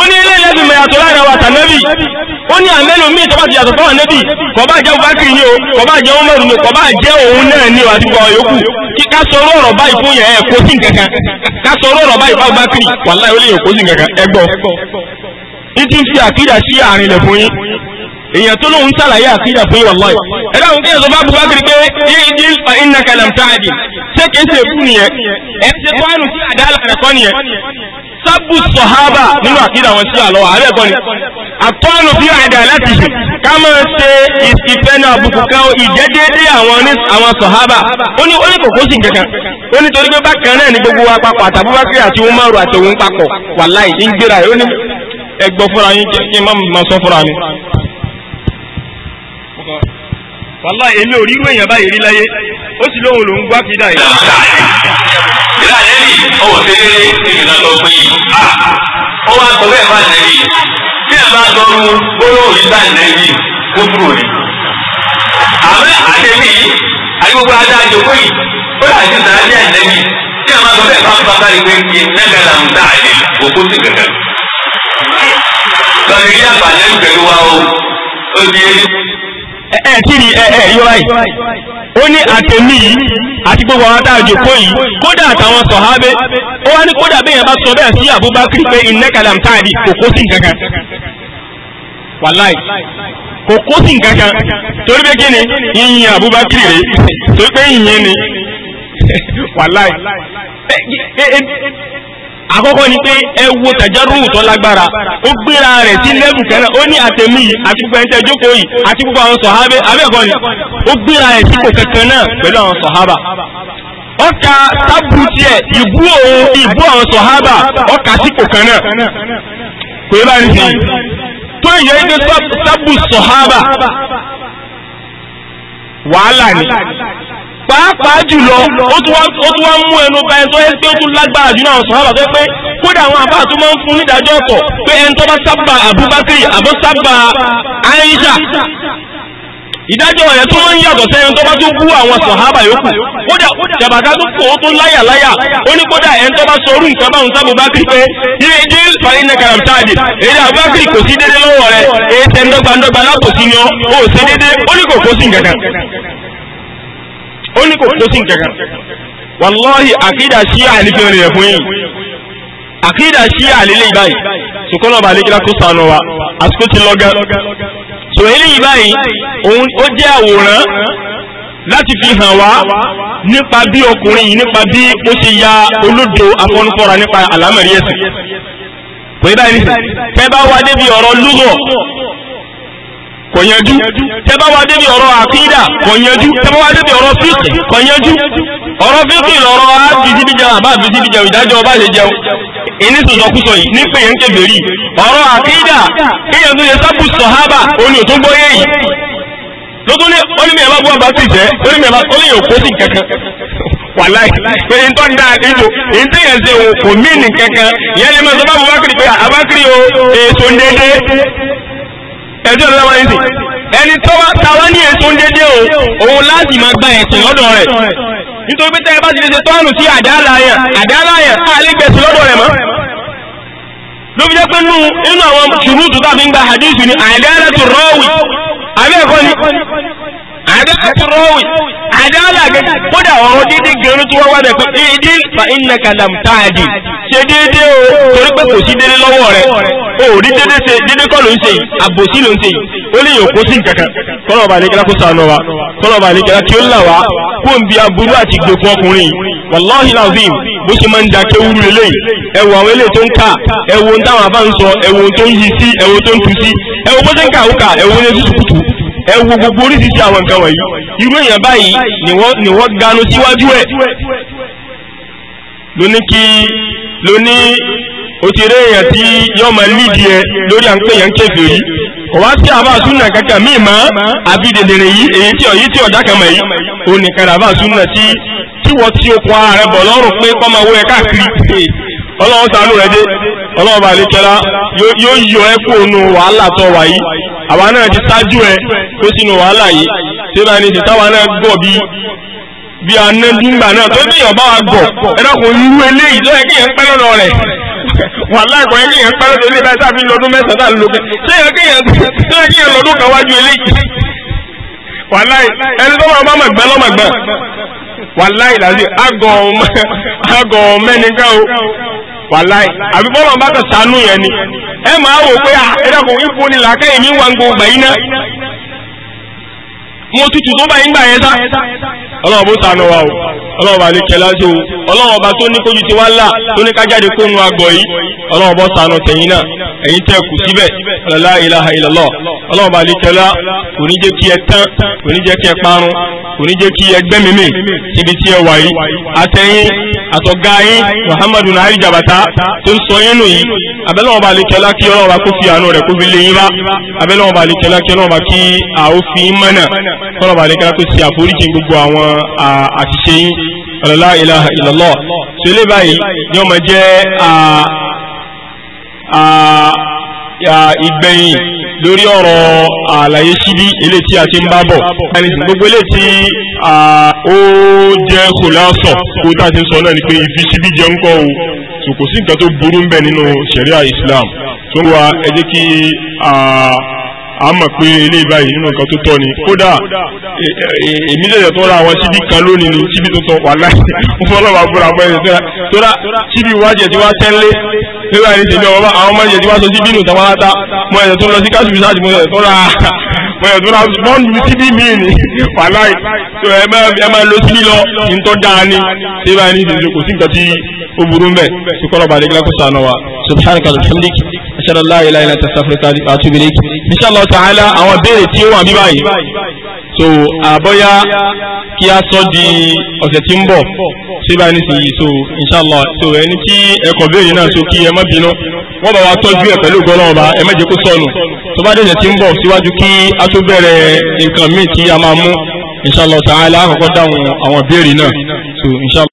ó ní ilé ilẹ̀ ìgbìmọ̀ yàtọ̀ láàrin àwọn àtànẹ́bì ó ní àmẹ́nu míì tó bá ti yàtọ̀ fáwọn ànẹ́bì kò bá jẹ́ bákìrì ni o kò bá jẹ́ Umaru ni kò bá jẹ́ òun náà ni wàá dúpọ̀ yòókù kí ká sọ ọ̀rọ̀ báyìí fún yẹn kó sí nǹkankan ká sọ ọ̀rọ̀ báyìí fáwọn bákìrì wàláhì ó lè yàn kó sí nǹkankan ẹ gbọ́ ìdí fi àkídà sí àárín ilẹ̀ fún yín èèyàn tó lóun sàlàyé àkídà fún yín wàláhì ẹ dáhùn kí ẹ̀sọ́ bá Abubakar pé ìdí ìnàkàlàm táàdì ṣé kìí fún nìyẹn ẹ̀ ń tó àánú sí àdáàlà sábù sọ̀hábà nínú àkídà wọn sí àlọ́ ààrẹ ẹ̀kọ́ àtọ́nù bí àìdà láti ṣe ká máa ṣe ìfẹ́ náà bùkù ká ìjẹ́dédé àwọn sọ̀hábà ó ní oníkòkó sì kankan ó ní torí pé bákan náà ní gbogbo wa papọ̀ àtàbúbákiri àti umaru àti òun papọ̀ wàláì ń gbéra ó ní ẹgbọ́ fúnra yín kí n má sọ fúnra mi èmi ò rí èèyàn ìlà nẹ́bí ọwọ́ tẹ́lẹ̀ ìgbìnà lọ pé ó wá sọ bẹ́ẹ̀ bá nẹ́bí tí ẹ̀ bá gbọ́rú gbọ́rọ̀ ìgbà nẹ́bí kó dúró ni. àmọ́ àtẹ̀lé àyíwọ́gbó adájọ́ pé ó dà sí sàájẹ́ nẹ́bí tí ẹ̀ máa sọ bẹ́ẹ̀ bá ń bá kárí pé kí nẹ́gàdà ń dá àyè òkú sí gẹ̀gẹ̀. lọ́nà ilé àgbà nẹ́bí pẹ̀lú wa ó ó di ẹ ẹ tí ni ẹ ẹ yọ báyìí ó ní àtẹ̀mí yìí àti gbogbo àwọn adájọ́ kó yìí kódà àtàwọn sọ̀hábé ó wá ní kódà bẹ́ẹ̀ yẹn bá sọ bẹ́ẹ̀ sí Abubakar pé ìnẹ́kàdàm táàdì kò kó sí nǹkan kan wàláì kò kó sí nǹkan torí pé kí ni ìyìn Abubakar rè torí pé ìyìn ni [LAUGHS] wàláì àkọ́kọ́ ni pé ẹ wo tàjárù tó lágbára ó gbéra rẹ̀ sí lẹ́bù kẹ́nà ó ní àtẹ̀mí yìí àti gbogbo ẹ̀ńtẹ́ jókòó yìí àti gbogbo àwọn sọ̀hábẹ́ abẹ́ẹ̀kọ́ ni ó gbéra rẹ̀ sípò kankan náà pẹ̀lú àwọn sọ̀hábà ọkà tábù tiẹ̀ ìbú òun ìbú àwọn sọ̀hábà ọkà sípò kan náà kò yẹ báyìí sí tó yẹ kí tábù sọ̀hábà wàhálà ni pàápàá jùlọ ó tún wá mú ẹnu ba ẹni tó yẹ pé ó tún lágbára jù náà sọ̀rọ̀ àbàtọ́ pé kódà àwọn àbá tó máa ń fún nídàájọ́ ọ̀tọ̀ pé ẹni tó bá sábà Abubakar àbó sábà Aisha ìdájọ́ ẹ̀ tó máa ń yàtọ̀ sẹ́yìn tó bá tún bú àwọn sọ̀hábà yòókù kódà jàbàtà tó kò ó tó láyà láyà ó ní kódà ẹ̀ tó bá sọrú nǹkan báwọn sábò bá kiri pé ilé ìdí ìfàyínà kàràmtáàdì èdè àbúrákìrì kò sí déédéé lọ́wọ́ rẹ̀ èyí tẹ̀ ń lápò sí ni ó ó ṣe déédéé ó ní kò kó sí nǹkan kan ó ní kò kó sí nǹkankan wàláhì àkídà sí àlífẹ́ rẹ̀ fún yìí àkídà sí àlélẹ́ ìbáyìí sùkọ́nà ọba àlékílá tó sànù wa àsìkò ti lọ́gán sọ eléyìí báyìí òun ó jẹ́ àwòrán láti fi hàn wá nípa bí ọkùnrin yìí nípa bí ó ṣe ya olódo afọ́nufọ́ra nípa àlámẹ̀rí ẹ̀sìn pé báyìí fẹ́ bá wá débi ọ̀rọ̀ lúgọ̀ kò yanjú tẹ́ bá wá débi ọ̀rọ̀ àkídà kò yanjú tẹ́ bá wá débi ọ̀rọ̀ fíìkì kò yanjú ọ̀rọ̀ fíìkì lọ̀rọ̀ àbísíbíjẹ àbá àbísíbíjẹ ìdájọ́ ọba lè jẹun ìní sọ̀sọ̀kúsọ yìí ní pé yẹn ń kébèrè ọ̀rọ̀ àkídà kéèyàn tó yẹ sábù sọ̀hábà òní ò tó gbóyè yìí lótó ní onímọ̀ ẹ̀bá bú àbá sì jẹ́ onímọ̀ ẹ̀bá oníyàn kó sí kankan wàláì pé n tọ́ da nílò n tẹ́ ṣe kò mí nìkankan yẹn lè mọ̀ sọ bá bàbá kiri pé àbá o èso ń dédé ẹjọ́ ló lábàá nìsín ẹni tó wá ta wá ní ètò ń dédé o òun láti máa gba ẹ̀sìn lọ́dọ̀ rẹ̀ nítorí pé tẹ́lẹ̀ bá ti lè ṣe tọ́ọ̀nù sí àdáláyàn àdáláyàn àlégbèsì lọ́dọ̀ rẹ̀ mọ́ ló fi jẹ́ pé nínú inú àwọn ṣùrùtù tàbí ń gba hadith ni àdáláyàn tó rọ́ọ̀wì àbẹ́ẹ̀kọ́ ni àdáàtú rọ́wì àdáàlà gẹ́gẹ́ kódà ọ̀rọ̀ dídí gẹ̀rẹ́ tó wá wá bẹ̀ pé ìdí fa iná kàdàm táàdì ṣe déédé o torí pé kò sí déédé lọ́wọ́ rẹ̀ o ò ní déédé ṣe déédé kọ́ ló ń ṣe yìí àbòsí ló ń ṣe yìí ó lè yòókó sí nǹkankan kọ́nà ọba àlekẹ́lá kó sànù wa kọ́nà ọba àlekẹ́lá kí ó là wá kó ń bi aburú àti gbèkú ọkùnrin wàláhì làzim bó ṣe máa ń da kéwúrú eléyìí ẹwọ àwọn eléyìí tó ń kà ẹwọ ohun táwọn àbá ń tó ń yí sí ẹwọ tó ń tu sí ẹwọ bó ṣe ń kà ó kà ẹwọ ní ẹtútù kùtù ẹ gbogbo oríṣiríṣi àwọn nǹkan wọ̀nyí irú èèyàn báyìí ni wọ́n ganu síwájú ẹ̀ lóní kí lóní ti èèyàn tí yóò máa lídìí ẹ lórí à ń pè yẹn ń kéèké yìí kò wá sí àbá kankan míì mọ́ àbí dèdèrè yìí èyí tí ọ̀yí tí ọ̀dá kan mọ̀ yìí o nìkan àbá súnà tí tí wọ́n ti okun ara rẹ̀ bọ̀ lọ́rùn pé kọ́ káàkiri ọlọ́run ọlọ́ọ̀bà àlékẹ́lá yóò yọ ẹ́ kó nu wàhálà tó wà yìí àwa náà ti ṣáájú ẹ tó sínú wàhálà yìí tí bá ní náà gọ̀ bí bí anẹ́dúgba náà tó ní ọba wa gọ̀ ẹ dákun irú eléyìí tó yẹ kí yẹn pẹ́ lọ́dọ̀ rẹ̀ wàhálà ẹ̀kọ́ kí yẹn pẹ́ lọ́dọ̀ eléyìí tàbí lọ́dún mẹ́sàn-án lókè yẹ kí yẹn wàláì àbí bọ́lọ̀ bá kàn sànú yẹn ni ẹ máa wò pé ah, ẹ̀dàkùn ìfò ni làákẹ́yìn mi wà ń gbogbo gbà yín náà mo tutù tó báyìí gbà yẹn sá ọlọ́wọ́ bó sànù wa o ọlọ́wọ́ bá lè kẹlá sí o ọlọ́wọ́ bá tó ní kójú ti wá là tó ní kájáde kó nu agbọ̀ yìí ọlọ́wọ́ bó sànù tẹ̀yìn náà ẹ̀yin tẹ́ kù síbẹ̀ la ilaha illallah ọlọ́wọ́ bá lè kẹlá kò ní jẹ́ kí ẹ tán kò ní jẹ́ kí ẹ parun kò ní jẹ́ kí ẹ gbẹ́mímì síbi tí ẹ wà yìí àtẹ̀yìn àtọ̀gá yín Muhammadu nahari tó ń sọ yín nù yìí abẹ́lẹ́wọ̀n bá lè kẹlá kí ọlọ́run bá kó fi àánú rẹ̀ kó fi lé yín bá abẹ́lẹ́wọ̀n bá lè kẹlá kí ọlọ́run bá kí àófin mọ́nà ọlọ́run bá lè kẹlá kó ṣe àforíjì gbogbo àwọn àṣìṣe yín ọ̀lọ́lá ilaha illallah ṣe lè báyìí ni ọmọ jẹ́ ìgbẹ̀yìn lórí ọ̀rọ̀ àlàyé síbí ilé tí a ti ń bá bọ̀ gbogbo ilé tí ó jẹ́ kòláṣọ̀ kó tá a ti sọ náà ni pé ìfi síbí jẹ́ ń kọ́ o so kò sí nǹkan tó burú ń bẹ nínú ṣẹ̀ríà Islam tó wà ẹ jẹ́ kí a mọ̀ pé eléyìí báyìí nínú nǹkan tó tọ́ ni kódà e, e, e, èmi lè tó ra àwọn síbi kan lónìí ni síbi tó tọ́ wà láì [LAUGHS] fún ọlọ́wà búra bọ́ ẹ̀sìn tóra tóra síbi wájẹ̀ tí wá tẹ́lẹ̀ nígbà yìí tèmi ọ̀bá àwọn ọmọ ẹ̀jẹ̀ tí wá sọ síbi nù tàwọn ata mọ ẹ̀jẹ̀ tó lọ sí káṣíbi sáàjì mọ ẹ̀jẹ̀ tó ra [LAUGHS] mọ ẹ̀jẹ̀ tó ra bọ́ọ̀lù síbi míì ni wà láì tó ẹ máa lo síbi lọ ní tó dáa ni síbi báyìí ní ìdíje kò sí nǹkan tí ó burú mbẹ sukọlọ bàdé Inshallah, an la ilaha illa anta astaghfiruka wa ta'ala àwọn béèrè tí ó wà bíbá yìí so aboya kí a sọ di ọ̀sẹ̀ tí ń bọ̀ síbá nísìnyí so inshallah. so ẹni tí ẹ̀kọ́ béèrè náà so kí ẹ má bínú wọ́n bá wa tọ́jú ẹ̀ pẹ̀lú ìgbọ́nà ọba ẹ má jẹ́ kó sọnù tó bá dẹ̀jẹ̀ tí ń bọ̀ síwájú kí a tó bẹ̀rẹ̀ nǹkan míì tí a máa mú insha ta'ala àkọ́kọ́ dáhùn àwọn béèrè náà so inshallah.